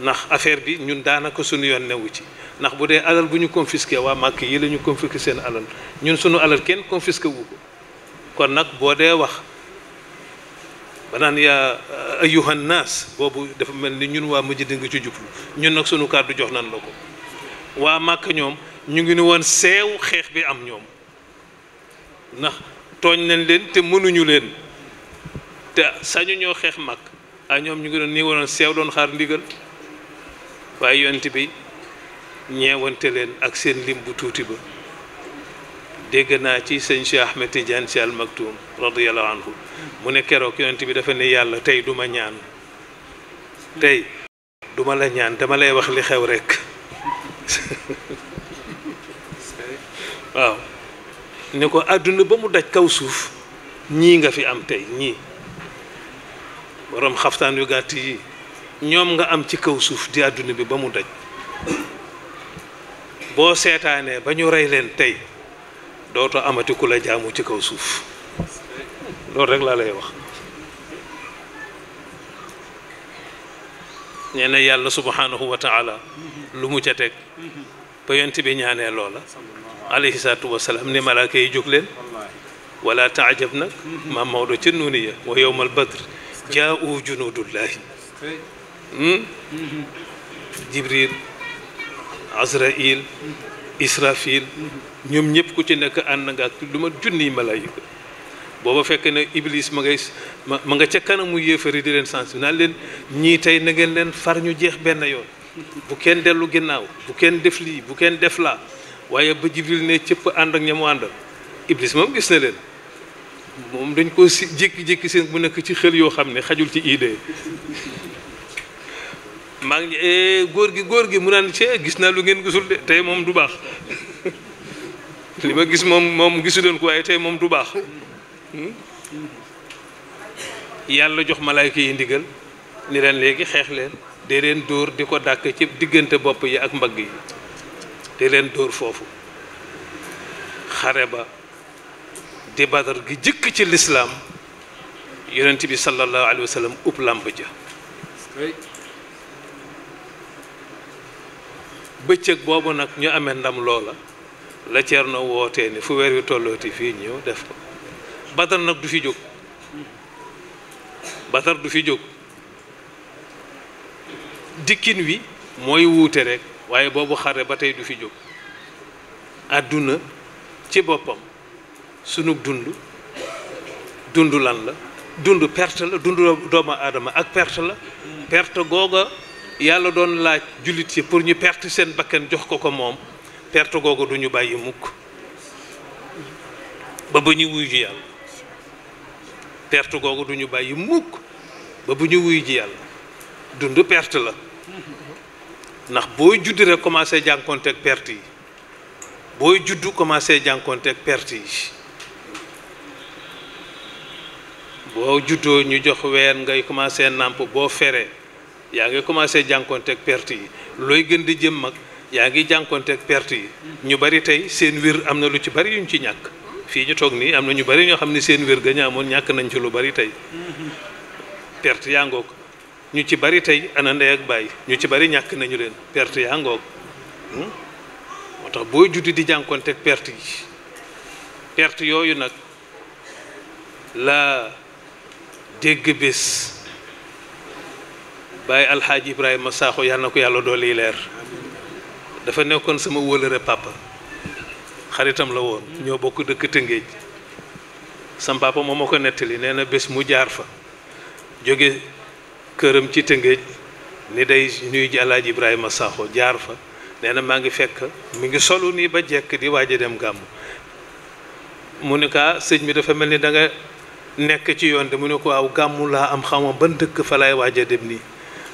D: ndax affaire bi ñun daanaka suñu yoon newu ci ndax bu dee alal bu ñu confisqué waa màkk yi lañu ñu seen alal ñun suñu alal kenn confisqué bu ko kon nag boo dee wax ba naan yaa ayyuhan naas boobu dafa mel ni ñun waa mujj di ci jublu ñun nag suñu kàddu jox nan la ko waa màkk ñoom ñu ngi ni woon seew xeex bi am ñoom ndax tooñ nañ leen te mënuñu leen te sañu ñoo xeex màkk a ñoom ñu ngi doon nii woon seew doon xaar ndigal waaye yonent bi ñeewante leen ak seen lim bu tuuti ba dégg naa ci sëñ Cheikh Ahmed Tidiane Sy Al Maktoum radiyallahu mu ne keroog yont bi dafa ne yàlla tey duma ñaan tey duma la ñaan dama lay wax li xew rekk waaw ne ko àdduna ba mu daj kaw suuf ñii nga fi am tey ñii boroom xaftaan yu gàtt yi ñoom nga am ci kaw suuf di àdduna bi ba mu daj boo seetaanee ba ñu rey leen tey dootoo amatiku la jaamu ci kaw suuf loolu rek laa lay wax nee na yàlla subhanahu wa taala lu mu ca teg ba bi ñaanee loola alayhi salaatu ni malaaka yi jóg leen wala taajab nag maam Maodo ca nuuni ya wa yowmal badr jaa u junudullahi Hmm? jibril azrail israfil ñoom ñëpp ku ci nekk ànd nga ak lu ma junniy malaayika booba fekk ne iblis ma ngay ma nga ca kanamu yéefari di leen sens naan leen ñii tey na ngeen leen far ñu jeex benn yoon bu kenn dellu ginnaaw bu kenn def lii bu kenn def laa waaye ba jibril ne cëpp ànd ak ñamu ànd iblis moom gis na leen moom dañ ko si jékki-jékki seen bu nekk ci xel yoo xam ne xajul ci idée maa ngi eh, góor gi góor gi mu naan ci gis naa lu ngeen gisul de tey moom du baax li ma gis moom moom gisuleen ko waaye tey moom du baax hmm? yàlla jox malaayka yi ndigal ni leen léegi xeex leen de leen dóor di ko dàkk ci diggante bopp yi ak mbagg yi de leen dóor foofu xare ba di badar gi jëkk ci lislaam yonent bi sallallahu alayhi wa sallam upp làmb ja bëccëg boobu nag ñu amee ndam loola la na wootee ni fu weer wi tollooti fii ñëw def ko Badar nag du fi jóg Badar du fi jóg dikkin wi mooy wuute rek waaye boobu xare ba tey du fi jóg àdduna ci boppam sunu dund dund lan la dund perte la dund doomu aadama ak perte la perte googa yàlla doon laaj jullit yi pour ñu perte seen bakken jox ko ko moom perte googu duñu bàyyi mukk ba bu ñu wuy ji yàlla du ñu bàyyi mukk ba bu ji yàlla dund perte la ndax booy judd rek commencé jànkonteeg perte yi booy juddu commencé jànkonteeg perte yi boo juddoo ñu jox ween ngay commencé nàmp boo feree yaa ngi commencé jànkoonteeg perte yi looy gën di jëm mag yaa ngi jànkoonteeg perte yi ñu bari tey seen wér am na lu ci bari yuñ ci ñàkk fii ñu toog nii am na ñu bari ñoo xam ne seen wér ga ñu amoon ñàkk nañ ci lu bari tey perte yaa ngoog ñu ci bari tey ana ndey ak bàyyi ñu ci bari ñàkk nañu leen perte yaa ngoog hmm? moo tax booy juddi di jànkoonteeg perte yi perte yooyu nag la dégg bés By alxaaji ibrahima saaxo yalla na yalla do li leer dafa nekkon sama wëlëre papa xaritam la woon ñoo bokk dëkk tëngéej sam papa momako netti neena bes na mu jaar fa joge këram ci tëngéej ni day nuyu ji alxaaji ibrahima jaar fa neena na ngi fekk mi ngi solo ni ba jekk di waaj dem gam munika ne mi ah, dafa melni da nga nek ci yoon de am ban fa lay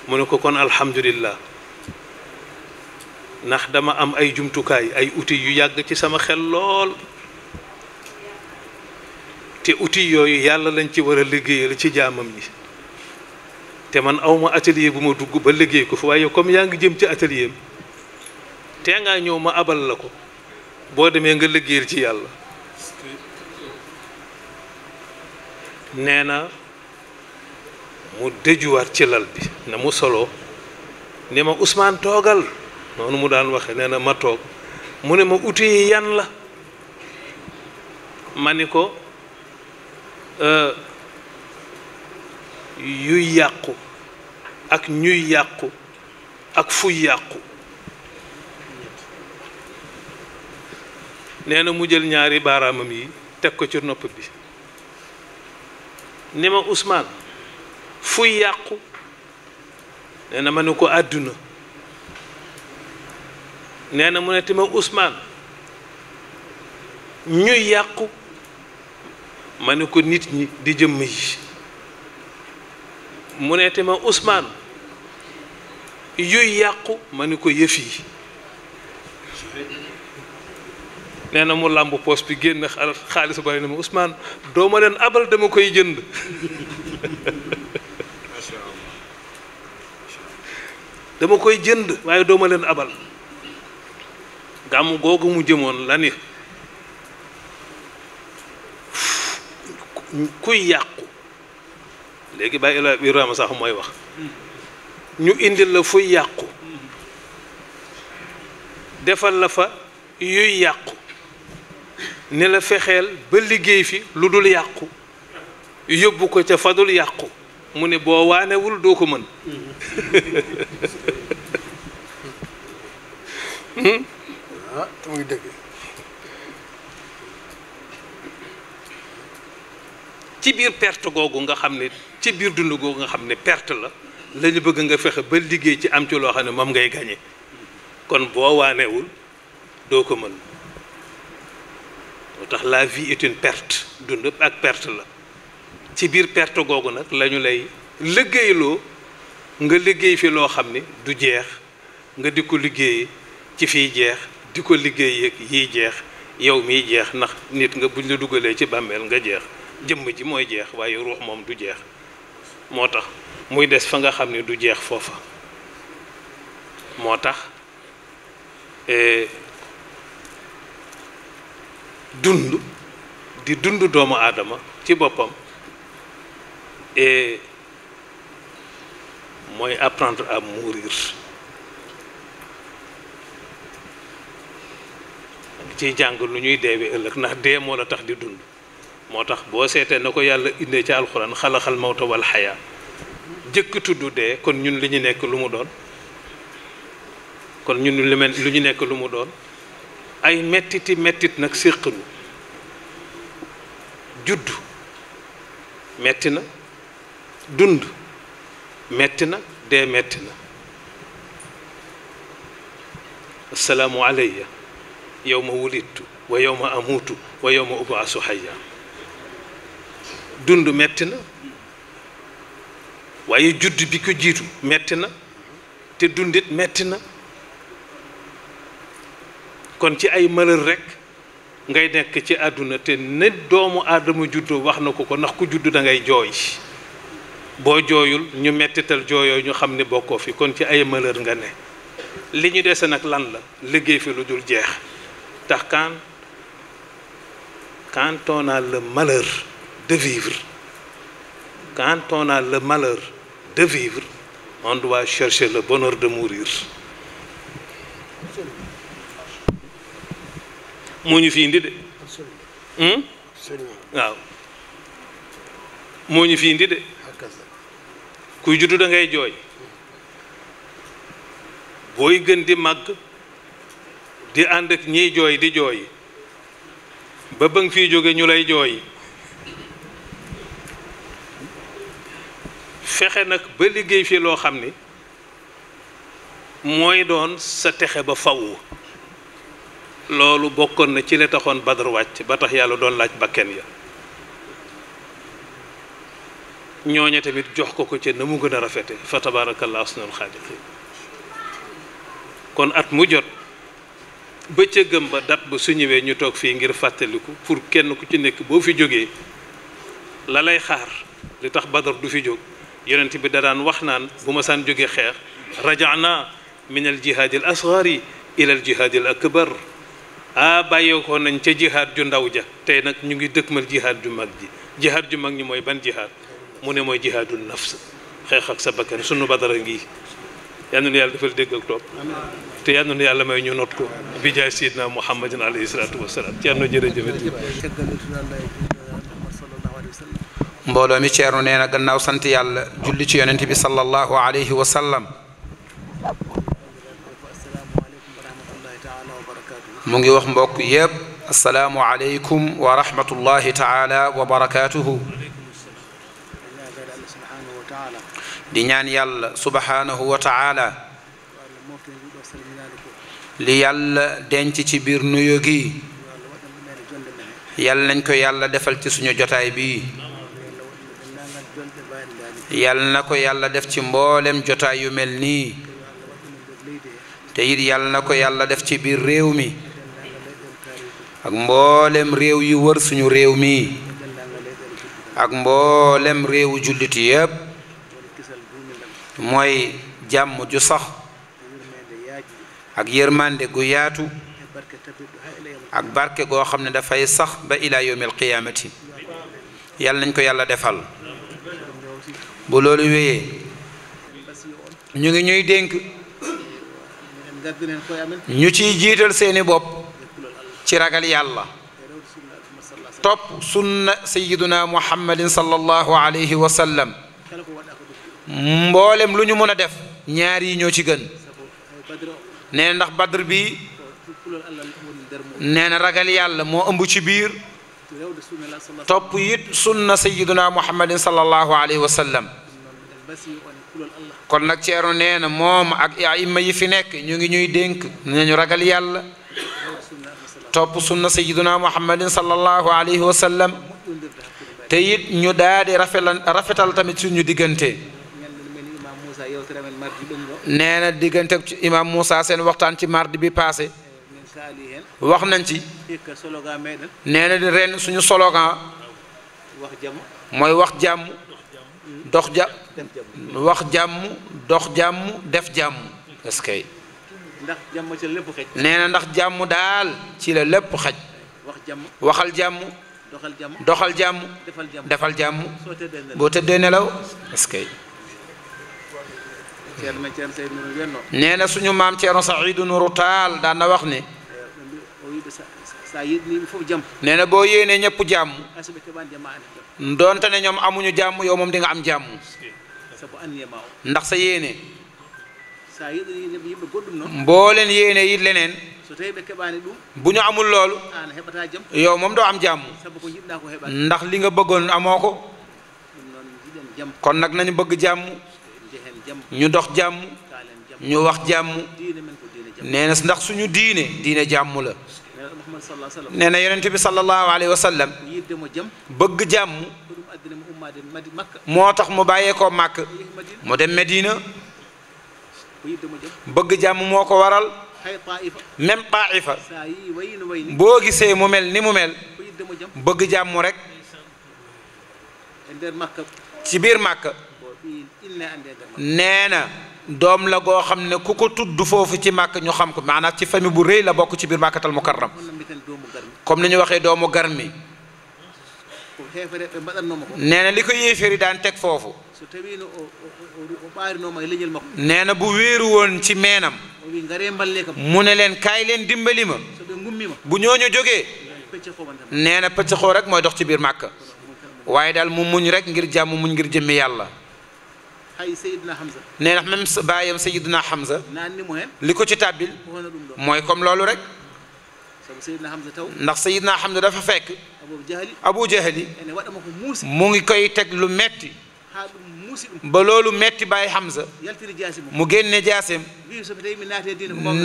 D: mu ne ko kon alhamdulillah ndax dama am ay jumtukaay ay outil yu yàgg ci sama xel lool te outil yooyu yàlla lañ ci war a liggéeyal ci jaamam yi te man aw ma atelier bu ma dugg ba liggéey ko fa waaye comme yaa ngi jëm ci atelier te ngaa ñëw ma abal la ko boo demee nga liggéeyal ci yàlla nee na mu dëjuwaat ci lal bi na mu solo ni ma usmaan toogal noonu mu daan waxe nee na ma toog mu ne ma uti yi yan la ma ni ko euh, yuy yàqu ak ñuy yàqu ak fuy yàqu nee na mu jël ñaari baaraamam yi teg ko ci nopp bi ni ma Ousmane fuy yàqu nee na ma ne ko àdduna nee na mu ne te ma Ousmane ñuy yàqu ma ne ko nit ñi di jëmm yi mu ne te ma usmaan yuy yàqu ma ne ko yëf yi nee na mu làmb poos bi génn xaalis bari na ma Ousmane doo ma abal dama koy jënd dama koy jënd waaye dooma leen abal gàmm googu mu jëmoon la ni kuy yàqu léegi bàyyi la Ibrahima sax mooy wax ñu indi la fuy yàqu defal la fa yuy yàqu ne la fexeel ba liggéey fi lu dul yàqu yóbbu ko ca fadul yàqu mu ne boo waanewul doo ko mën ah, ci biir perte googu nga xam ne ci biir dund googu nga xam ne perte la la bëgg nga fexe ba liggéey ci am ci loo xam ne moom ngay gañe kon boo waanewul doo ko mën moo tax la vie est une perte dund ak perte la ci biir perte googu nag lañu lay liggéeyloo nga liggéey fi loo xam ni du jeex nga di ko liggéey ci fiy jeex di ko liggéey yi jeex yow miy jeex ndax nit nga buñ la dugalee ci bàmmeel nga jeex jëmm ji mooy jeex waaye ruux moom du jeex moo tax muy des fa nga xam ni du jeex foofa moo tax e, dund di dund doomu aadama ci boppam et mooy apprendre am mourir ci jàng lu ñuy deewee ëllëg ndax dee moo la tax di dund moo tax boo seetee na ko yàlla indee ci alxuraan xalaxal mawta wal xayaa jëkk tudd dee kon ñun li ñu nekk lu mu doon kon ñun li lu ñu nekk lu mu doon ay mettiti mettit nag séqnu juddu metti na dund metti na dee metti na assalaamu alayya yowma wulidtu wa yowma amuutu wa yowma ubaasu hayya dund metti na waaye judd bi ko jiitu metti na te dundit metti na kon ci ay malheur rekk ngay nekk ci àdduna te ne doomu aadama juddoo wax na ko ko ndax ku judd dangay jooy ñu ñu fi kon ci ay malheur quand on a le malheur de vivre quand on a le malheur de vivre on doit chercher le bonheur de mourir fi indi hmm? kuy juddu dangay jooy booy gën di màgg di ànd ak ñiy jooy di jooy ba ba nga fiy jóge ñu lay jooy fexe nag ba liggéey fii loo xam ni mooy doon sa texe ba faw loolu bokkoon na ci la taxoon Badar wàcc ba tax yàlla doon laaj bakken ya ñooña tamit jox ko ko ca na mu gën a rafete fa tabaarakallaahu ahsanul xaaliqiin kon at mu jot bëccëgam ba dat ba su ñëwee ñu toog fii ngir fàttaliku pour kenn ku ci nekk boo fi jógee la lay xaar li tax badar du fi jóg yonent bi da daan wax naan bu ma saan jógee xeex rajaana min al jihaadi al asgari ila al bar al akbar ah, bàyyeekoo nañ ca jihaad ju ndaw ja tey nag ñu ngi dëkk dëkkmal jihaad ju mag ji jihaad ju mag ñi mooy ban jihaad mu ne mooy jihaadul nafs xeex ak sa bakkan sunu badara ngi yal nañu yàlla defal dégg ak topp te yal nañu yàlla may ñu not ko bi jaay
A: sidna muhammadin alayhi salaatu wasalaam ceerno jërëjëf mbooloo mi ceerno nee na gannaaw sant yàlla julli ci yonent bi sallallahu alayhi wa sallam mu ngi wax mbokk yépp asalaamu aleykum wa rahmatullahi taala wa barakaatuhu di ñaan yàlla subhaanahu wa taala li yàlla denc ci biir nuyo gi yàlla nañ ko yàlla defal ci suñu jotaay bii yàlla na ko yàlla def ci mboolem jotaay yu mel nii te it yàlla na ko yàlla def ci biir réew mi ak mboolem réew yu wër suñu réew mi ak mboolem réewu jullit yépp moy jàmm ju sax ak yërmande gu yaatu ak barke go xamne da fay sax ba ila yawmil qiyamati yàlla nagn ko yàlla defal bu lolou weye ñu ngi ñuy dénk ñu ci jital seeni bop ci ragal yàlla top sunna sayyiduna muhammadin sallallahu alayhi wa sallam mboolem lu ñu mën a def ñaar yi ñoo ci gën nee na ndax badr bi nee na ragal yàlla moo ëmb ci biir
E: topp it
A: sunna sayyiduna muhammadin sallallahu alayhi wa sallam kon nag ceeru nee na moom ak aima yi fi nekk ñu ngi ñuy dénk ñu ragal yàlla topp sunna sayyiduna muhammadin sallallahu alayhi wa sallam te it ñu daal di rafetal tamit suñu diggante nee na diggante imam Moussa seen waxtaan ci mardi bi paase wax nañ ci nee na di ren suñu slogan mooy wax jàmm dox ja wax jàmm dox jàmm def jàmm est-ce que ndax jàmm nee ndax jàmm daal ci la lépp xaj wax waxal jàmm doxal jàmm defal jàmm defal jàmm
E: boo tëddee nelaw
A: est nee na suñu maam Ceerno Saïdu Nuru Taal daan na wax ni eh,
E: nee na boo yéenee ñëpp jàmm
A: doonte ne ñoom amuñu jàmm yow moom di nga am jàmm ndax sa yéene
E: boo leen yéene yit lenen
A: bu ñu amul loolu
E: yow moom doo am jàmm ndax
A: li nga bëggoon kon nañu bëgg ñu dox nyuwak ñu wax jamm neena ndax suñu diine diine jamm la neena na bi sallallahu alaihi wasallam bëgg jamm motax mu baye ko màkk mu dem Medina bëgg jamm moko waral même taifa bo gisé mu mel ni mu mel bëgg jamm rek ci bir nee na doom la goo xam ne ku ko tudd foofu ci màkk ñu xam ko maanaam ci famille bu rëy la bokk ci biir màkkatal mukarram comme ni ñu waxee doomu garmi nee na li ko yéeféeri daan teg foofu nee na bu wéeru woon ci meenam mu ne leen kaay leen dimbali ma bu ñooñu jógee nee na pëcc xoo rek mooy dox ci biir màkk waaye daal mu muñ rek ngir jàmm muñ ngir jëmmi yàlla
E: hay sayidna hamza
A: nee na même baayam sayidna hamza li ko ci tàbbil mooy comme loolu rek ndax sayidna hamza dafa fekk abu jahali mu ngi koy teg lu metti ba loolu metti bàyyi Hamza
E: mu génne jaaseem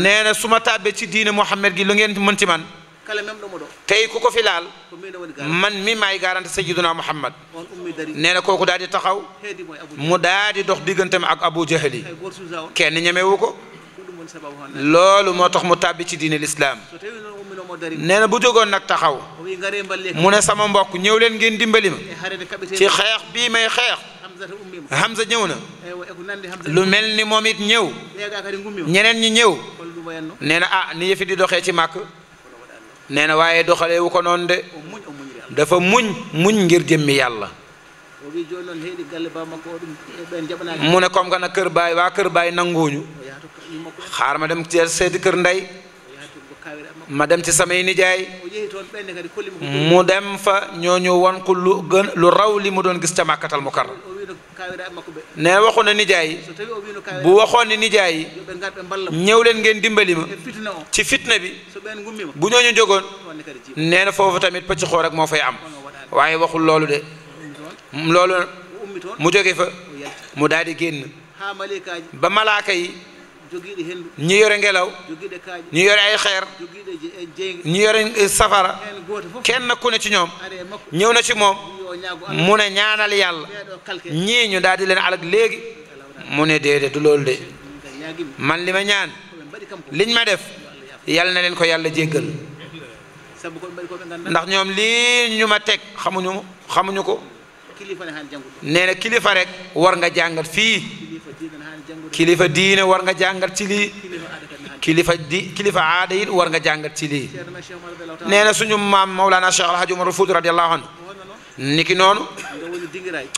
E: nee na su
A: ma tàbbee ci diine Muhammad gi lu ngeen mën ci man tey ku ko fi laal man mi maay garante sayyiduna Muhammad nee na kooku daal di taxaw mu daal di dox digganteem ak Abu Jahali kenn ñemewu ko loolu moo tax mu tàbbi ci diine lislaam nee na bu jógoon nag taxaw mu ne sama mbokk ñëw leen ngeen dimbali ma ci xeex bii may xeex Hamza ñëw na lu mel ni moom it ñëw ñeneen ñi ñëw nee na ah ni yëfi di doxee ci màkk nee na waaye doxalee ko noonu de dafa muñ muñ ngir jëmmi yàlla mu ne comme que nag kër baay waa kër baay nanguwuñu xaar ma dem seeti kër ndey ma dem ci samay nijaay mu dem fa ñooñu won ko lu gën lu raw li mu doon gis ca màkkatal mu kar ne waxu na nijaay bu waxoon ne nijaay ñëw leen ngeen dimbali ma ci fitna bi bu ñooñu jógoon nee na foofu tamit pëcc xoor moo fa fay am waaye waxul loolu de loolu mu jóge fa mu daal di génn ba malaaka yi
E: ñi yore ngelaw ñi yore ay xeer e ñi yore e safara kenn
A: ku ne ci ñoom e ñëw na ci moom mu ne ñaanal yàlla ñii ñu daal di leen alag léegi mu ne déedéet du loolu de man li ma ñaan liñ ma def yàlla na leen ko yàlla jéggal ndax ñoom lii ma teg xamuñu xamuñu ko nee na kilifa rek war nga jàngat fii kilifa diine war nga jàngat ci lii kilifa di kilifa aada it war nga jàngat ci lii nee na suñu maam Mawlana Cheikh Alhaji Umar Fuuti radiyallahu anhu niki noonu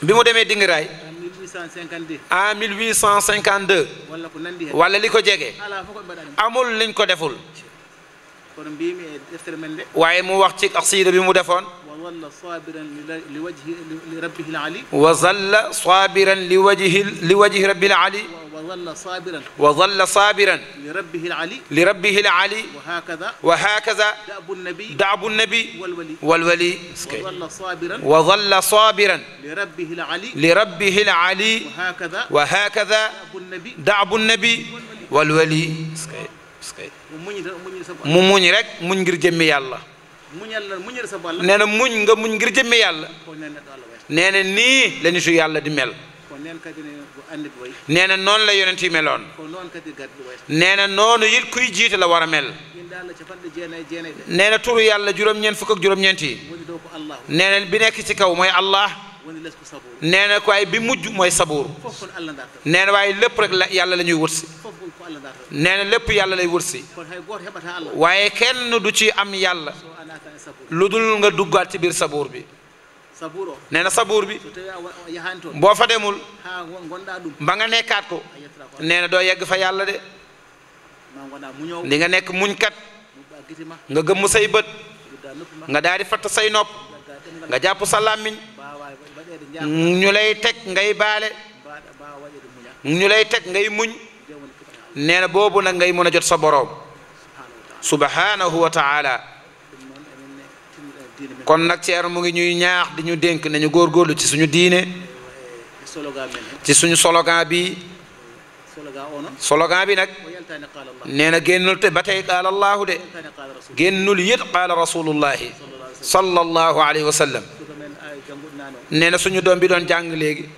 E: bi mu demee Dingiraay
A: en 1852 walla li ko jege amul liñ ko deful waaye mu wax ci bi mu defoon
E: وظل صابرا لوجه لربه العلي
A: وظل صابرا لوجه لوجه ربه العلي
E: وظل صابرا
A: وظل صابرا
E: لربه العلي
A: لربه العلي
E: وهكذا وهكذا دعب النبي دعب النبي والولي والولي وظل صابرا وظل صابرا لربه العلي
A: لربه العلي
E: وهكذا وهكذا
A: دعب النبي دعب النبي والولي mu muñ رك muñ ngir jëmmi الله
E: nee na muñ nga muñ
A: ngir jëmme yàlla nee na nii la nitu yàlla di mel nee na noonu la yonent yi meloon nee na noonu it kuy jiite la war a mel nee na turu yàlla juróom-ñeent fukk ak juróom-ñeent yi nee na bi nekk ci kaw mooy allah nee na waaye bi mujj mooy sabuur nee na waaye lépp rek la yàlla la ñuy wut si
E: nee na lépp yàlla lay wut si waaye kenn du ci
A: am yàlla lu dul nga duggaat ci biir sabuur bi nee na sabuur bi
E: boo fa demul ba nga
A: nekkaat ko nee na doo yegg fa yàlla de
E: li nga nekk muñkat
A: nga gëmm say bët nga daal di fatt say nopp nga jàpp sa làmmiñ ñu lay teg ngay baale ñu lay teg ngay muñ nee na boobu nag ngay mën a jot sa boroom subhanahu wa taala kon nag Thierno mu ngi ñu ñaax di ñu dénk nañu góorgóorlu ci suñu diine ci suñu slogan bi
E: slogan bi nag nee na
A: génnul te ba tey qaala allaahu de génnul yit qaala rasulullahi sallallahu alayhi wa sallam nee na suñu doom bi doon jàng léegi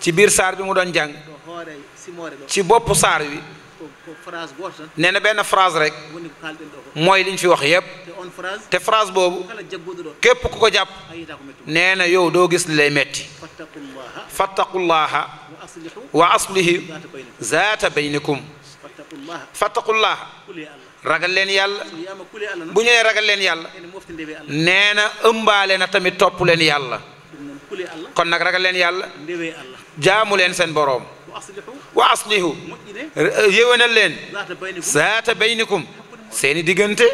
A: ci biir saar bi mu doon jàng ci bopp saar
E: nee na benn phrase rek mooy liñ fi wax yépp te phrase boobu képp ku ko jàpp
A: nee na yow doo gis li lay metti fattaqullaha wa aslihi zaata baynikum fattaqullaha ragal leen yàlla bu ñu nee ragal leen yàlla nee na ëmbaale na tamit topp leen yàlla kon nag ragal leen yàlla jaamu leen seen boroom واصله يوين اللين سات بينكم سيني ديغنتي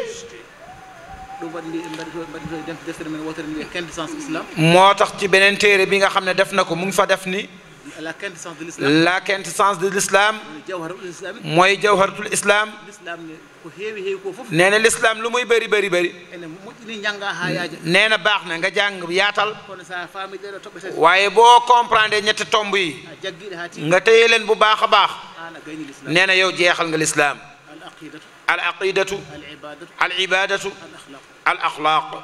A: موتاخ تي بنين تيري بيغا خا خن داف نكو مون فا داف ني
E: لا كانت سانس ديال
A: يعني الاسلام
E: موي جوهر الاسلام نين الاسلام
A: لوموي بري بري بري نين باخنا nga jang yaatal waye bo comprendre ñet tombe yi nga teye len bu baakha baax neena yow jeexal nga الاسلام العقيده العباده الاخلاق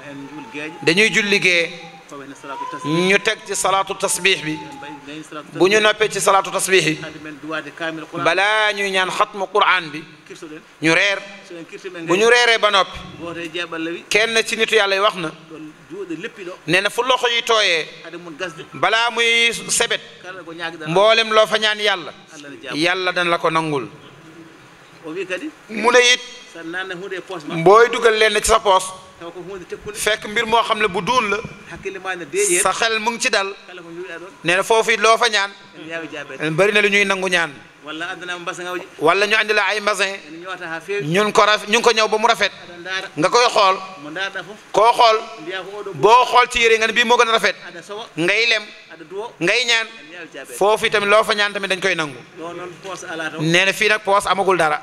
E: dañuy julli gee ñu
A: teg ci salaatu tasbiix bi
E: bu ñu noppee ci salaatu tasbiix bi
A: balaa ñuy ñaan xatmu quraan bi ñu reer
E: bu ñu reeree ba
A: noppi kenn ci nit yàlla yi wax na nee na fu loxo yi tooyee balaa muy sebet mboolem loo fa ñaan yàlla yàlla dana la ko nangul
E: mu ne it booy dugal leen
A: ci sa poos fekk mbir moo xam ne bu duun la sa xel mu ngi ci dal nee na foofu it loo fa ñaan bëri na lu ñuy nangu ñaan
E: wala
A: ñu andi la ay masin ñun ko raf ñun ko ñëw ba mu rafet
E: nga koy xool koo xool boo xool ci yére nga ne bii moo gën a rafet ngay lem ngay ñaan foofu
A: tamit loo fa ñaan tamit dañ koy nangu nee na fii nag poos amagul dara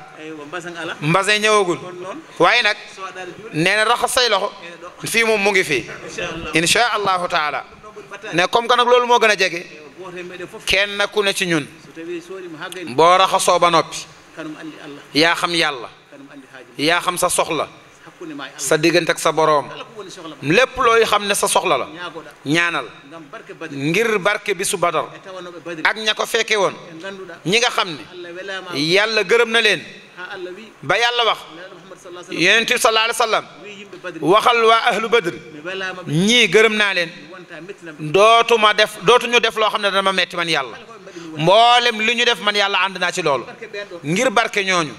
A: mbasin ñëwagul waaye nag nee na raxas say loxo fii moom mu ngi fii insha allahu taala ne comme que nag loolu moo gën a jege kenn ku ne ci ñun boo raxasoo ba noppi yaa xam yàlla yaa xam sa soxla sa diggante ak sa boroom lépp looy xam ne sa soxla la ñaanal ngir barke bi su badar e ak ña ko fekke woon e ñi nga xam ne
E: yàlla gërëm na
A: leen ba yàlla wax yonent bi sallallahu alayhi wa sallam waxal waa ahlu badr
E: ñii gërëm naa
A: leen dootuma def dootuñu def loo xam ne dama metti man yàlla mboolem li ñu def man yàlla ànd naa ci loolu ngir barke ñooñu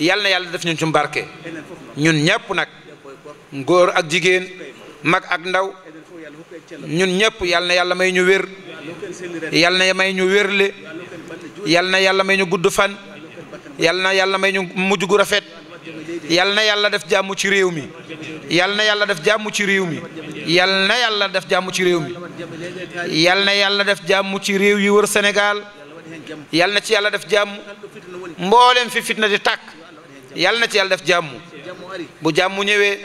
A: yàlla na yàlla def ñun ci barke ñun ñëpp nag góor ak jigéen mag ak ndaw ñun ñëpp yàlla na yàlla may ñu wér yal may ñu wérle yal na yàlla may ñu gudd fan yal na yàlla may ñu mujj gu rafet. yal na yàlla def jàmm ci réew mi yal na yàlla def jàmm ci réew mi yal na yàlla def jàmm ci réew mi
E: yal na yàlla
A: def jàmm ci réew yi wër senegal yal na ci yàlla def jàmm mboolem fi na di tàkk yal na ci yàlla def jàmm bu jàmm ñëwee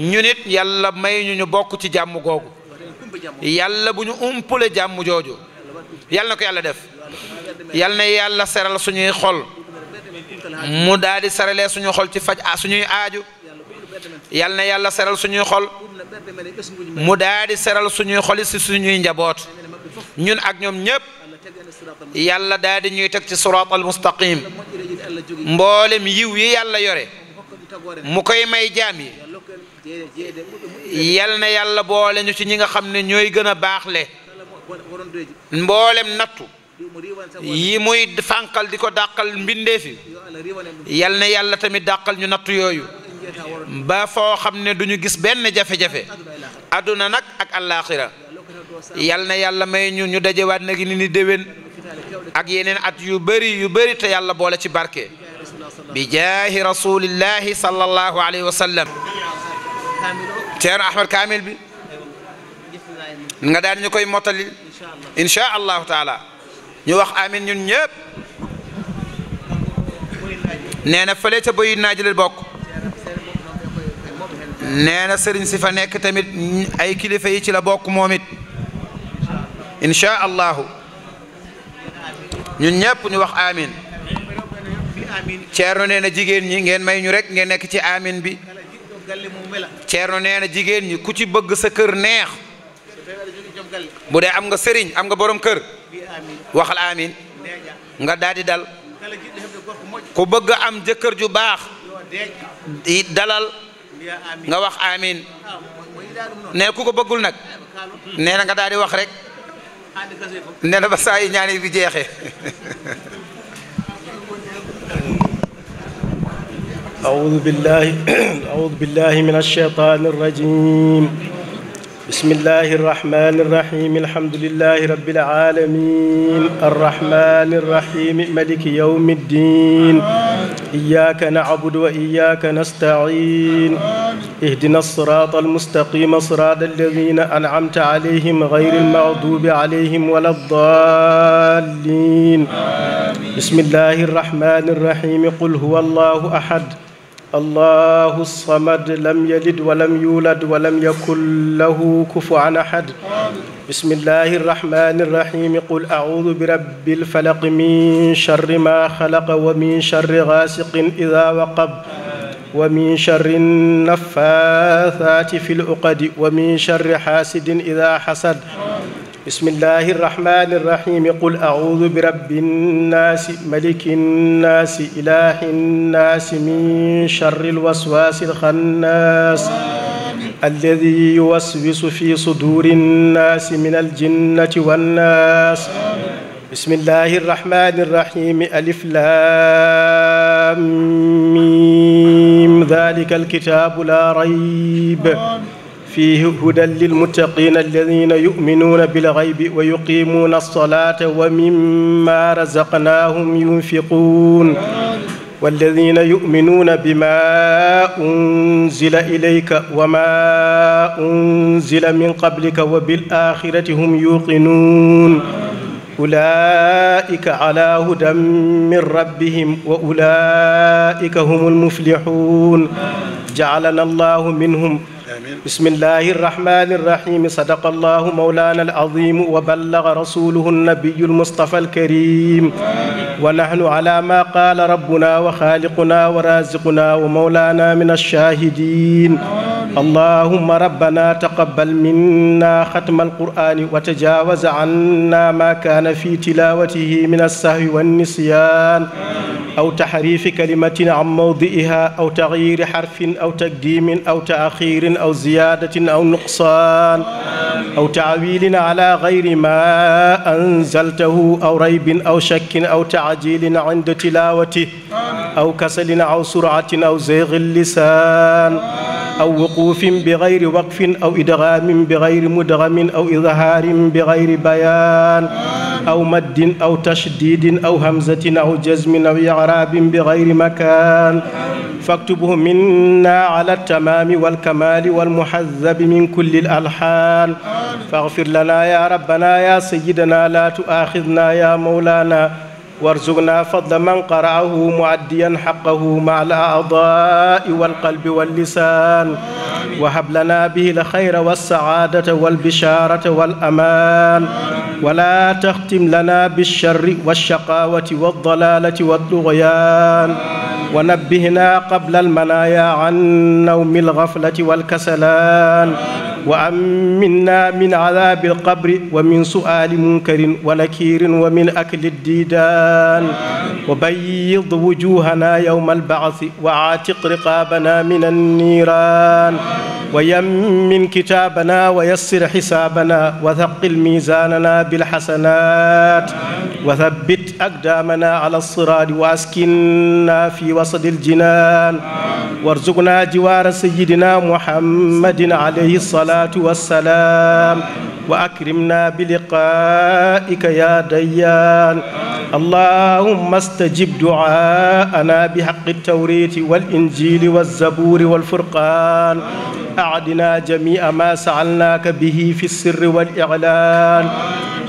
A: ñu nit yàlla may ñu ñu bokk ci jàmm googu yàlla bu ñu umpule jàmm jooju yal na ko yàlla def yal na yàlla seral suñuy xol. mu daal di saralee suñu xol ci faj ah suñuy aaju yal na yàlla seral suñuy xol mu daal di seral suñuy xol si suñuy njaboot ñun ak ñoom ñëpp yàlla daal di ñuy teg ci siraat al mustaqim mboolem yiw yi yàlla yore mu koy may jaam yi yal na yàlla boole ñu ci ñi nga xam ne ñooy gën a baax le mboolem nattu yi muy fànqal di ko dàqal mbindeef
E: yi yal
A: na yàlla tamit dàqal ñu nattu yooyu ba foo xam ne du ñu gis benn jafe-jafe àdduna nag ak àllaaxira yal na yàlla may ñu ñu dajewaat nag ni ni ak yeneen at yu bëri yu bëri te yàlla boole ci barke bi jaahi rasulillahi sallallahu alayhi wa sallam ceerno kaamil bi nga daan ñu koy mottali incha allahu taala ñu wax amin ñun ñëpp neena fële ca boy naaji la bok neena serigne sifa nek tamit ay kilifa yi ci la bok momit insha allah ñun ñëpp ñu wax amin cierno neena jigen ñi ngeen may ñu rek ngeen nek ci amin bi cierno neena jigen ñi ku ci bëgg sa kër neex bu dé am nga serigne am nga borom kër waxal amiin nga daal di dal ku bëgg am jëkkër ju baax dalal nga wax amiin
E: ne ku ko bëggul nag
A: nee na nga daal di wax rek nee na ba saa yi ñaan yi bi jeexee
F: أعوذ بالله أعوذ بالله من الشيطان الرجيم بسم الله الرحمن الرحيم الحمد لله رب العالمين الرحمن الرحيم ملك يوم الدين إياك نعبد وإياك نستعين اهدنا الصراط المستقيم صراط الذين أنعمت عليهم غير المغضوب عليهم ولا الضالين بسم الله الرحمن الرحيم قل هو الله أحد الله الصمد لم يلد ولم يولد ولم يكن له كفوا احد بسم الله الرحمن الرحيم قل اعوذ برب الفلق من شر ما خلق ومن شر غاسق اذا وقب ومن شر النفاثات في العقد ومن شر حاسد اذا حسد بسم الله الرحمن الرحيم قل أعوذ برب الناس ملك الناس إله الناس من شر الوسواس الخناس الذي يوسوس في صدور الناس من الجنة والناس بسم الله الرحمن الرحيم ألف لام ميم ذلك الكتاب لا ريب آمين. فيه هدى للمتقين الذين يؤمنون بالغيب ويقيمون الصلاة ومما رزقناهم ينفقون والذين يؤمنون بما أنزل إليك وما أنزل من قبلك وبالآخرة هم يوقنون أولئك على هدى من ربهم وأولئك هم المفلحون جعلنا الله منهم آمين. بسم الله الرحمن الرحيم صدق الله مولانا العظيم وبلغ رسوله النبي المصطفى الكريم آمين. ونحن على ما قال ربنا وخالقنا ورازقنا ومولانا من الشاهدين آمين. اللهم ربنا تقبل منا ختم القرآن وتجاوز عنا ما كان في تلاوته من السهو والنسيان آمين. أو تحريف كلمة عن موضئها أو تغيير حرف أو تقديم أو تأخير أو زيادة أو نقصان أو تعويل على غير ما أنزلته أو ريب أو شك أو تعجيل عند تلاوته أو كسل أو سرعة أو زيغ اللسان أو وقوف بغير وقف أو إدغام بغير مدغم أو إظهار بغير بيان أو مد أو تشديد أو همزة أو جزم أو إعراب بغير مكان فاكتبه منا على التمام والكمال والمحذب من كل الألحان فاغفر لنا يا ربنا يا سيدنا لا تؤاخذنا يا مولانا وارزقنا فضل من قرأه معديا حقه مع الأعضاء والقلب واللسان وهب لنا به الخير والسعادة والبشارة والأمان ولا تختم لنا بالشر والشقاوة والضلالة والطغيان ونبهنا قبل المنايا عن نوم الغفلة والكسلان وأمنا من عذاب القبر ومن سؤال منكر ونكير ومن أكل الديدان وبيض وجوهنا يوم البعث وعاتق رقابنا من النيران ويمن كتابنا ويسر حسابنا وثقل ميزاننا بالحسنات وثبت أقدامنا على الصراط وأسكننا في وسط الجنان وارزقنا جوار سيدنا محمد عليه الصلاة الصلاة والسلام وأكرمنا بلقائك يا ديان اللهم استجب دعاءنا بحق التوريت والإنجيل والزبور والفرقان أعدنا جميع ما سألناك به في السر والإعلان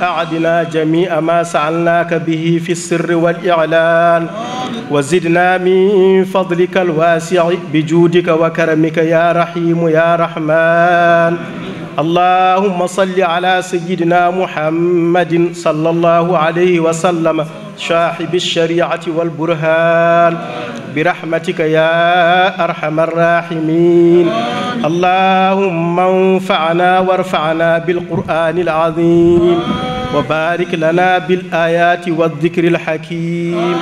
F: أعدنا جميع ما سألناك به في السر والإعلان وزدنا من فضلك الواسع بجودك وكرمك يا رحيم يا رحمن اللهم صل على سيدنا محمد صلى الله عليه وسلم شاحب الشريعة والبرهان برحمتك يا أرحم الراحمين اللهم انفعنا وارفعنا بالقرآن العظيم وبارك لنا بالآيات والذكر الحكيم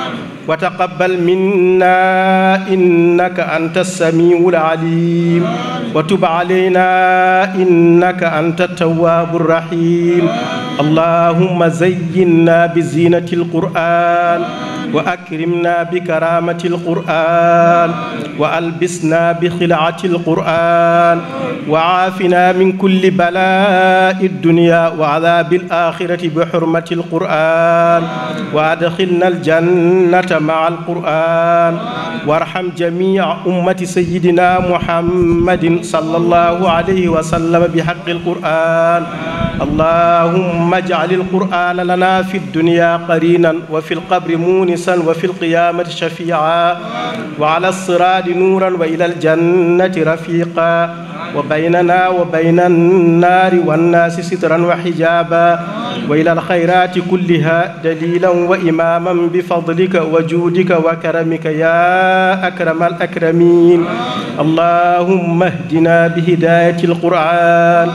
F: وتقبل منا إنك أنت السميع العليم وتب علينا إنك أنت التواب الرحيم اللهم زينا بزينة القرآن وأكرمنا بكرامة القرآن وألبسنا بخلعة القرآن وعافنا من كل بلاء الدنيا وعذاب الآخرة بحرمة القرآن وأدخلنا الجنة مع القرآن وارحم جميع أمة سيدنا محمد صلى الله عليه وسلم بحق القرآن اللهم اجعل القرآن لنا في الدنيا قرينا وفي القبر مونسا إنسا وفي القيامة شفيعا وعلى الصراط نورا وإلى الجنة رفيقا وبيننا وبين النار والناس سترا وحجابا وإلى الخيرات كلها دليلا وإماما بفضلك وجودك وكرمك يا أكرم الأكرمين اللهم اهدنا بهداية القرآن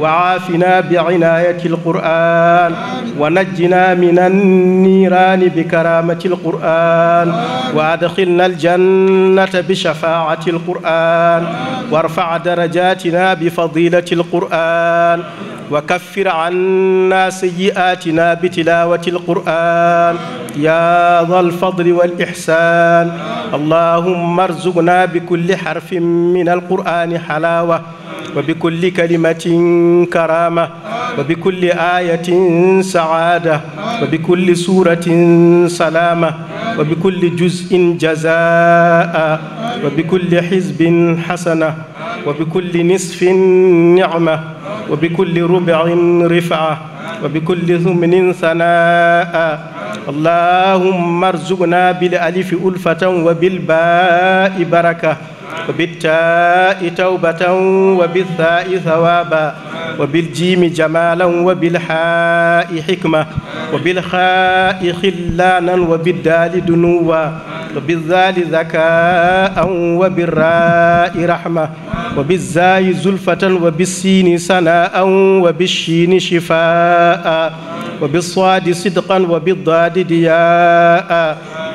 F: وعافنا بعناية القرآن ونجنا من النيران بكرامة القرآن وأدخلنا الجنة بشفاعة القرآن وارفع درجاتنا بفضيلة القرآن وكفر عنا سيئاتنا بتلاوة القرآن يا ذا الفضل والإحسان اللهم ارزقنا بكل حرف من القرآن حلاوة وبكل كلمة كرامة وبكل آية سعادة وبكل سورة سلامة وبكل جزء جزاء وبكل حزب حسنة وبكل نصف نعمة وبكل ربع رفعة وبكل ثمن ثناء اللهم ارزقنا بالألف ألفة وبالباء بركة بالتاء توبة وبالثاء ثوابا وبالجيم جمالا وبالحاء حكمة وبالخاء خلانا وبالدال دنوا وبالذال ذكاء وبالراء رحمة وبالزاي زلفة وبالسين سناء وبالشين شفاء وبالصاد صدقا وبالضاد دياء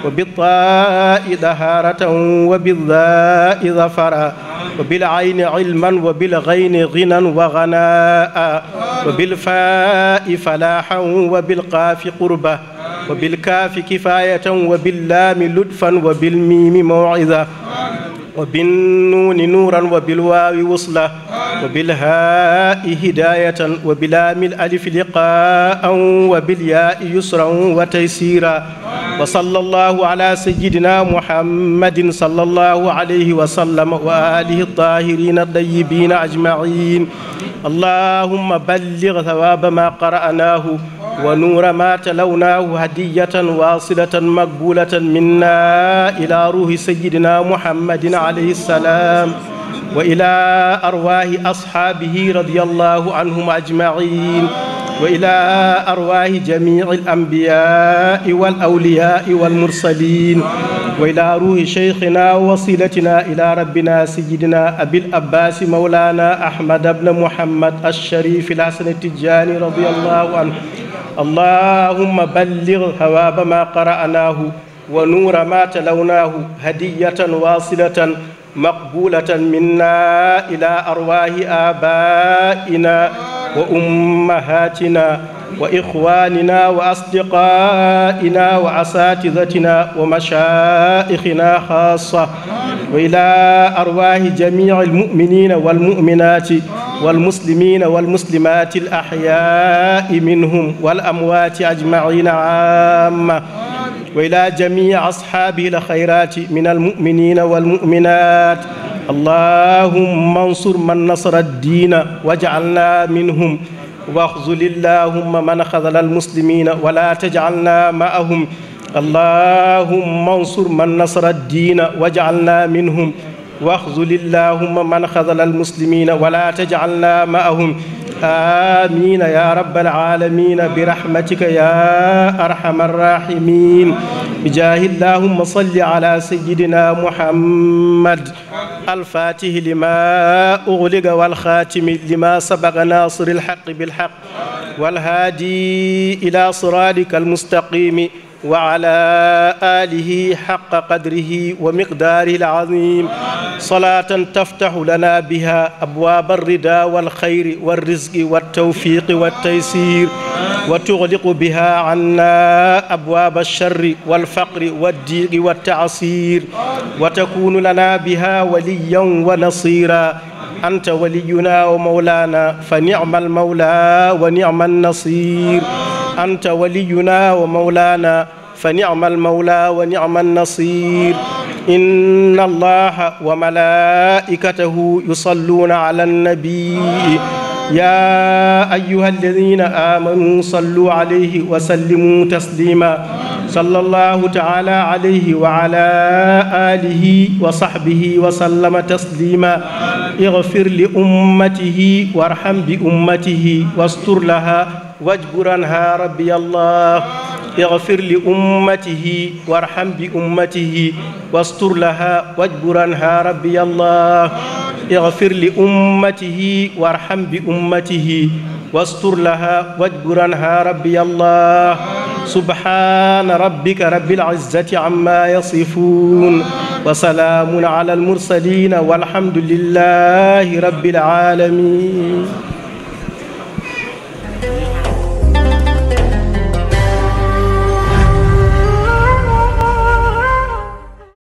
F: وبالطاء دهارة وبالذاء ظفرا وبالعين علما وبالغين غنى وغناء وبالفاء فلاحا وبالقاف قربة وبالكاف كفاية وباللام لطفا وبالميم موعظة وبالنون نورا وبالواو وصلة وبالهاء هداية وبلام الألف لقاء وبالياء يسرا وتيسيرا وصلى الله على سيدنا محمد صلى الله عليه وسلم وآله الطاهرين الطيبين أجمعين اللهم بلغ ثواب ما قرأناه ونور ما تلوناه هدية واصلة مقبولة منا إلى روح سيدنا محمد عليه السلام وإلى أرواح أصحابه رضي الله عنهم أجمعين وإلى أرواح جميع الأنبياء والأولياء والمرسلين وإلى روح شيخنا وصلتنا إلى ربنا سيدنا أبي الأباس مولانا أحمد بن محمد الشريف الحسن التجاني رضي الله عنه اللهم بلغ هواب ما قرأناه ونور ما تلوناه هدية واصلة مقبولة منا إلى أرواح آبائنا وأمهاتنا وإخواننا وأصدقائنا وأساتذتنا ومشائخنا خاصة وإلى أرواح جميع المؤمنين والمؤمنات والمسلمين والمسلمات الأحياء منهم والأموات أجمعين عامة وإلى جميع أصحاب الخيرات من المؤمنين والمؤمنات اللهم انصر من نصر الدين واجعلنا منهم واخذل اللهم من خذل المسلمين ولا تجعلنا معهم اللهم انصر من نصر الدين واجعلنا منهم واخذل اللهم من خذل المسلمين ولا تجعلنا معهم آمين يا رب العالمين برحمتك يا أرحم الراحمين بجاه اللهم صل على سيدنا محمد الفاتح لما أغلق والخاتم لما سبق ناصر الحق بالحق والهادي إلى صراطك المستقيم وعلى آله حق قدره ومقداره العظيم صلاة تفتح لنا بها أبواب الرضا والخير والرزق والتوفيق والتيسير وتغلق بها عنا أبواب الشر والفقر والضيق والتعسير وتكون لنا بها وليا ونصيرا أنت ولينا ومولانا فنعم المولى ونعم النصير أنت ولينا ومولانا فنعم المولى ونعم النصير إن الله وملائكته يصلون على النبي يا أيها الذين آمنوا صلوا عليه وسلموا تسليما صلى الله تعالى عليه وعلى آله وصحبه وسلم تسليما اغفر لأمته وارحم بأمته واستر لها واجبرنها ربي الله يغفر لأمته وارحم بأمته واستر لها واجبرنها ربي الله يغفر لأمته وارحم بأمته واستر لها واجبرنها عنها ربي الله سبحان ربك رب العزة عما يصفون وسلام على المرسلين والحمد لله رب العالمين